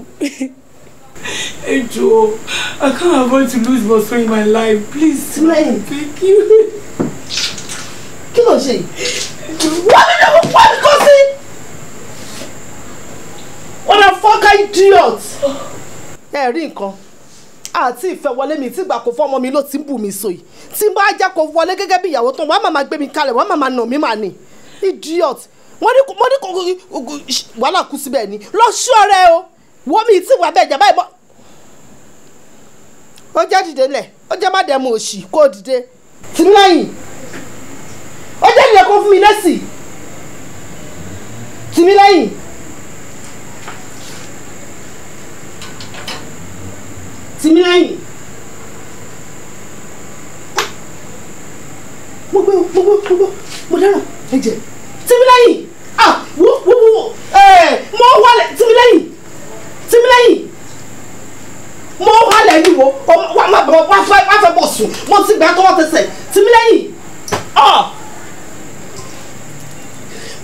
D: ẹ jọ̀ọ́ I can't afford to lose bọ̀sùn in my life please Sulaim thank you. kí ló ṣe wọ́n ní ẹ̀wọ̀n wọ́n ní what a fucker idiot. ẹ rí nǹkan àti ìfẹ́ mi tí ìgbà kò fọ́ ọmọ mi ló ti ń bù mí so yìí tí n bá jẹ́ kó wọlé gẹ́gẹ́ bí ìyàwó tán wọ́n á máa gbé mi kalẹ̀ wọ́n á máa nà mí mà ní idiot wọ́n ní wọ́n kò wàhálà kú síbẹ̀ ni lọ sí o wọ́n mi wà bẹ́ẹ̀ jẹ́ báyìí ó jẹ́ dìde lẹ̀ ó jẹ́ má dẹ̀mu tìmí lẹ́yìn mo gbé mo gbé mo gbé mo dáràn ẹ̀jẹ̀ tìmí lẹ́yìn ah wo wo wo mo wálẹ̀ tìmí lẹ́yìn tìmí lẹ́yìn mo wálẹ̀ ni wo wà má bàbá wà fẹ́ wà fẹ́ bọ̀ sùn mo ti gbà tọwọ́ tẹsẹ̀ tìmí lẹ́yìn ah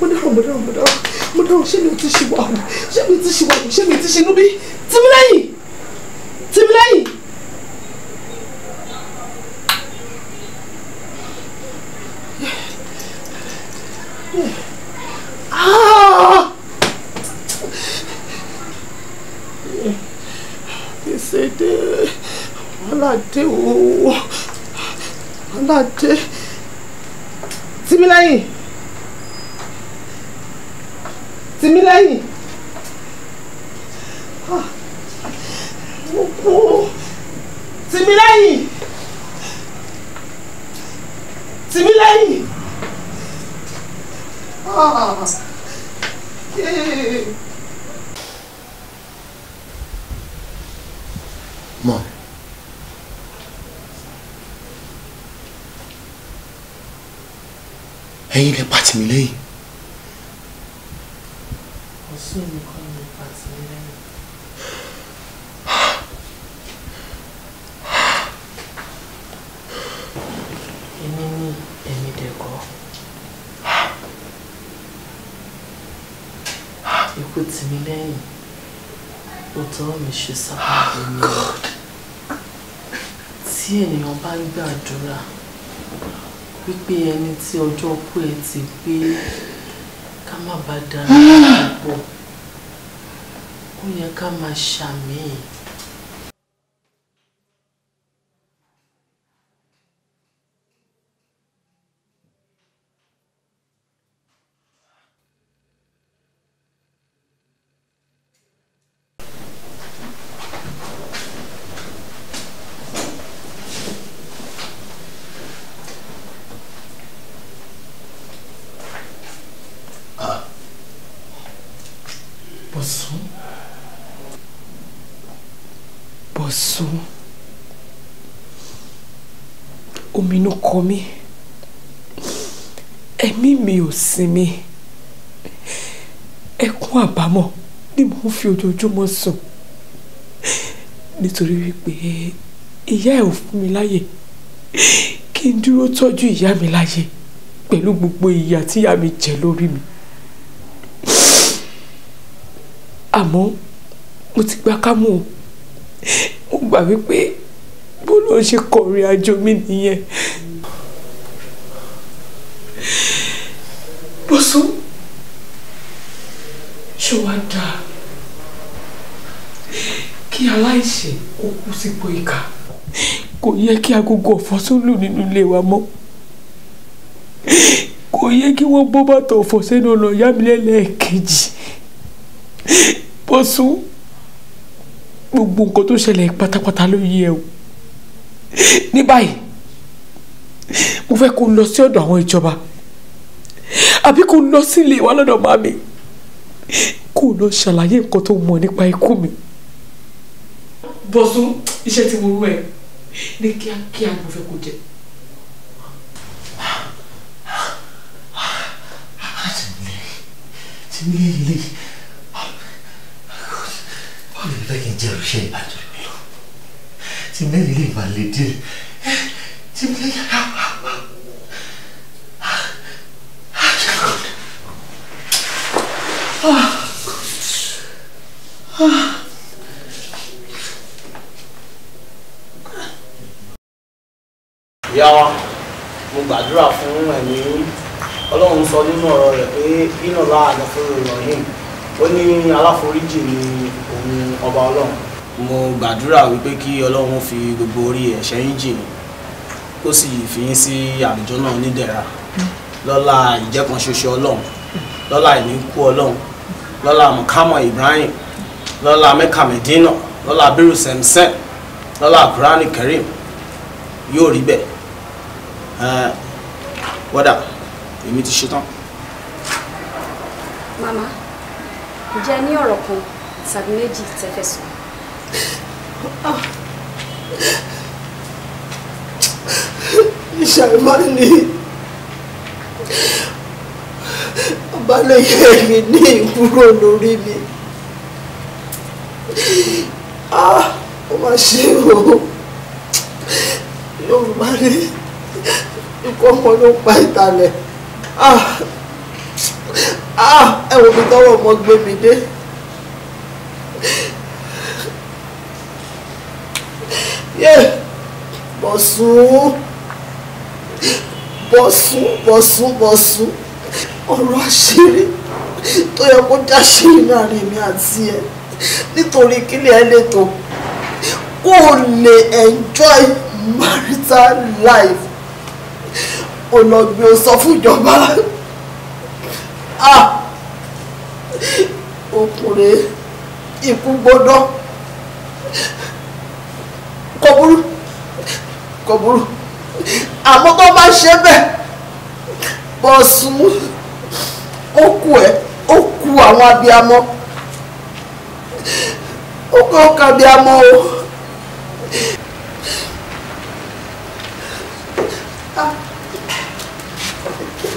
D: mo dáràn mo dáràn mo dáràn mo dáràn ṣé mi ò ti ṣe wà ṣé mi ò ti ṣe wà ṣé mi ò ti ṣe nú tìmí lẹ́yìn tì ah! mí lẹ́yìn. ìṣèdè aládé ooo aládé tì mí lẹ́yìn tì mí lẹ́yìn. Tìmílẹ́yìn Tìmílẹ́yìn mọ ẹ̀yin lè pa Tìmílẹ́yìn.
B: ọ̀sùn mi kọ́.
D: kò tì mí lẹ́yìn òótọ́ mi ṣe sábàbí ah, mi tí ènìyàn bá ń gbàdúrà wípé ẹni tí ọjọ́ kú ẹ ti gbé ká má bàa dára púpọ̀ ó yẹ ká máa ṣàmì ọkọ mi ẹ̀mí mi ò sinmi ẹkún àbámọ̀ ni mò ń fi ojoojúmọ́ sùn nítorí wípé ìyá ẹ̀ ò fún mi láyè kí n dúró tọ́jú ìyá mi láyè pẹ̀lú gbogbo ìyà tí ìyá mi jẹ lórí mi àmọ́ mo ti gba kámú o mo gbà wípé bó ló ṣe kọrin àjò mi nìyẹn Ọ̀sán ṣé wàá dáa kí aláìṣẹ̀ ó kú sípò ìkà kò yẹ kí agogo ọ̀fọ̀ tó lù nínú ilé wa mọ́ kò yẹ kí wọ́n bó bàtà ọ̀fọ̀ sẹ́nu ọ̀nà ìyá mi lẹ́lẹ́ẹ̀kejì Bọ́sún gbogbo nǹkan tó ṣẹlẹ̀ pátápátá ló yé o ní báyìí mo fẹ́ kó lọ sí ọ̀dọ̀ àwọn ìjọba àbí kò lọ sílé wa lọ́dọ̀ màmí kò lọ ṣàlàyé nǹkan tó mọ̀ nípa ikú mi. bọ́sùn iṣẹ́ ti wo rú ẹ̀ ní kíákíá mo fẹ́ kó jẹ. ti ní ilé báwo ni bẹ́ẹ̀ kí n jẹ́ òṣìṣẹ́ ìbàdàn lọ ti mẹ́rin lè máa lè dé
B: ti mẹ́rin ìyá
D: wa mo gbàdúrà fún ẹ̀mí ọlọ́run sọ nínú ọ̀rọ̀ rẹ̀ pé iná láàánú fún ìrọ̀yìn ó ní aláforíjì ni òun ọba ọlọ́run. mo gbàdúrà wípé kí ọlọ́run fi gbogbo orí ẹ̀ṣẹ̀ yín jìn kó sì fi yín sí àlùjọ náà nídẹ̀ra lọ́lá ìjẹ́kan ọlọ́run lọ́lá ìní kú ọlọ́run lọ́lá mukama ibrahim lọ́lá mẹ́ka medina lọ́lá biru sẹ́msẹ́m lọ́lá kurani karim yóò rí bẹ́ẹ̀ wọ́dà èmi ti ṣetán.
A: mama ǹjẹ́ ní ọ̀rọ̀ kan tàbí méjì tẹ́ fẹ́ sọ.
D: ìṣàlùmọ́ ni. Ọbalóyè mi ní ìkúrò lórí mi ah, ó mà ṣe o Yorùbá ní ikú ọmọ ló pa ìtàlẹ̀ ah, ah, ẹ̀wọ̀n mi tọ́wọ́ ọmọ gbé mi dé. Bọ̀sùn bọ̀sùn bọ̀sùn bọ̀sùn ọ̀rọ̀ àṣírí tó yẹ kó dáṣírí láàrin mi àti ẹ nítorí kílẹ̀ ẹ lè tó kó o lè enjoy marital life ò lọ gbé o sọ fún ìjọba ah ọkùnrin ikú gbóná kò burú kò burú àmọ́ tó bá ṣe bẹ́ẹ̀ bọ́sù ó kú ẹ ó kú àwọn abiyamọ ó kọ́ ọ́ kábíamọ o.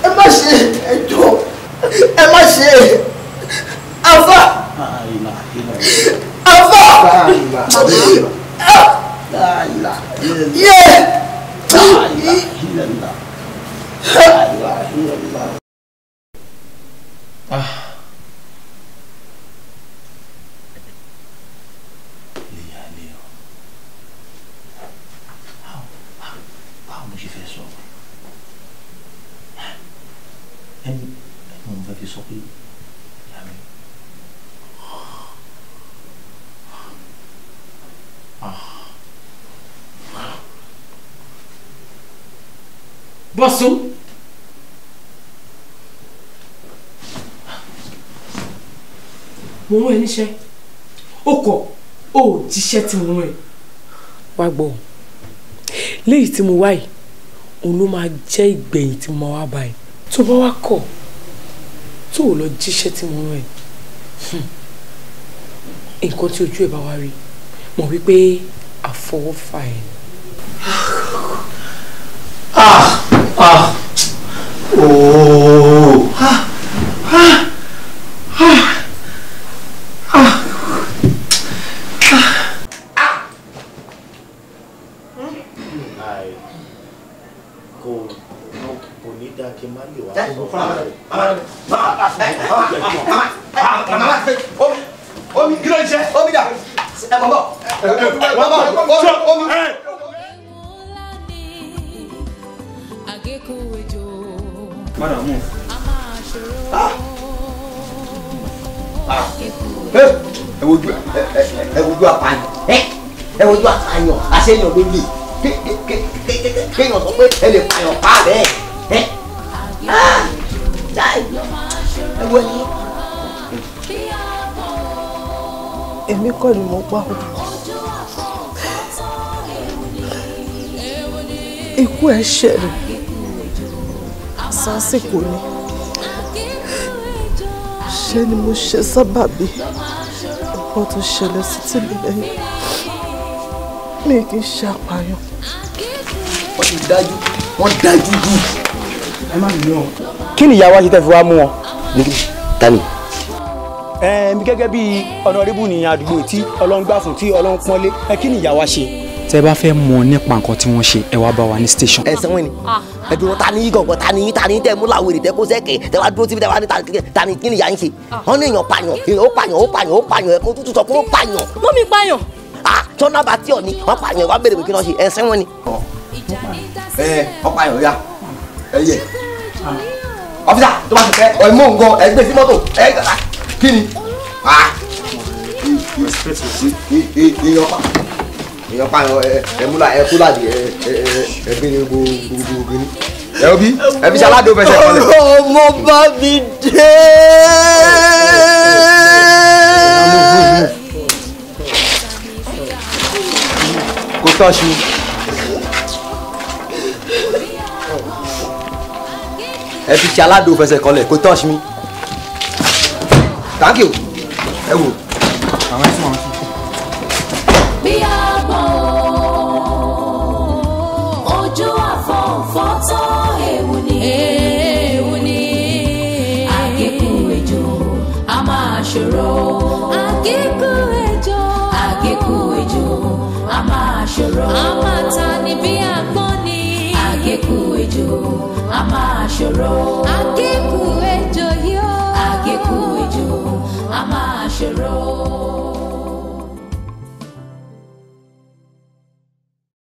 D: ẹ má ṣe ẹjọ ẹ má ṣe afa afa yẹ.
B: ah ah ah ah ah
D: mo rán ẹ níṣẹ́ ó kọ̀ ó jíṣẹ́ tí mo rán ẹ. wá gbọ́ léyìí tí mo wá yìí òun ló máa jẹ́ ìgbẹ̀yìn tí mo wá báyìí tó bá wá kọ̀ tó o lọ jíṣẹ́ tí mo rán ẹ hmm, nǹkan tí ojú ẹ bá wá rí mọ̀ wípé àfọwọ́fà ẹ̀ ni. ah ah
B: oh. ah ah.
D: Madam, move. Ah! Ah! Hey! Eh, ẹ wojú ẹ wojú àpáyàn. Ẹ wojú àpáyàn. Eh, Àṣeyàn ló lè. Kéèyàn sọ pé ẹ lè pààyàn pa bẹ́ẹ̀. Eh.
A: Ah. Ẹ wọ ẹyin.
D: Èmi kọ́ ni mo pa o. Ikú ẹ̀ ṣẹlẹ̀ sásìkò ni ṣé ni mo ṣe sábàbí ọ̀pọ̀ tó ṣẹlẹ̀ sí tìmí lẹ́yìn mi kì í ṣe àpààyàn. wọ́n ti dájú wọ́n dájú jù ẹ má mi wọn. kí ni ìyàwó aṣetẹ́ fi wá mú wọn. tani. ẹ̀ẹ́n mi gẹ́gẹ́ bíi ọ̀nàrẹ́bù ní àdúgbò tí ọlọ́run gbà fún tí ọlọ́run pọ́nlé ẹ kí ni ìyàwó ṣe tẹ bá fẹ́ mọ̀ nípa nǹkan tí wọ́n ṣe ẹ wá bá wa ní station. ẹ sanwó ni ẹ dúró ta yí gangan ta ni yín tẹ mú làwèrè tẹ kó sẹkẹ tẹ wá dúró síbi tẹ wá ní ta ni kí ni yà ń ṣe wọn ní èèyàn pààyàn èèyàn ó pààyàn ó pààyàn ó pààyàn ẹkún tútù sọ pé ó pààyàn. mú mi pààyàn. a tọ́nà bá tí ò ní wọ́n pààyàn wá béèrè kí wọ́n ṣe ẹ èèyàn pa ẹmúlà ẹkúlàdì ẹbí ni gbogbo gini ẹ obi
C: ẹbí ṣe aládùn fẹsẹ̀ kọlẹ̀.
B: ọ̀rọ̀ mo bá mi dé. kò tọ́ṣu.
D: ẹbí ṣe aládùn fẹsẹ̀ kọlẹ̀ kò tọ́ṣu mi. thank you. ẹ wò. àwọn ẹ̀sìn àwọn ẹ̀sìn.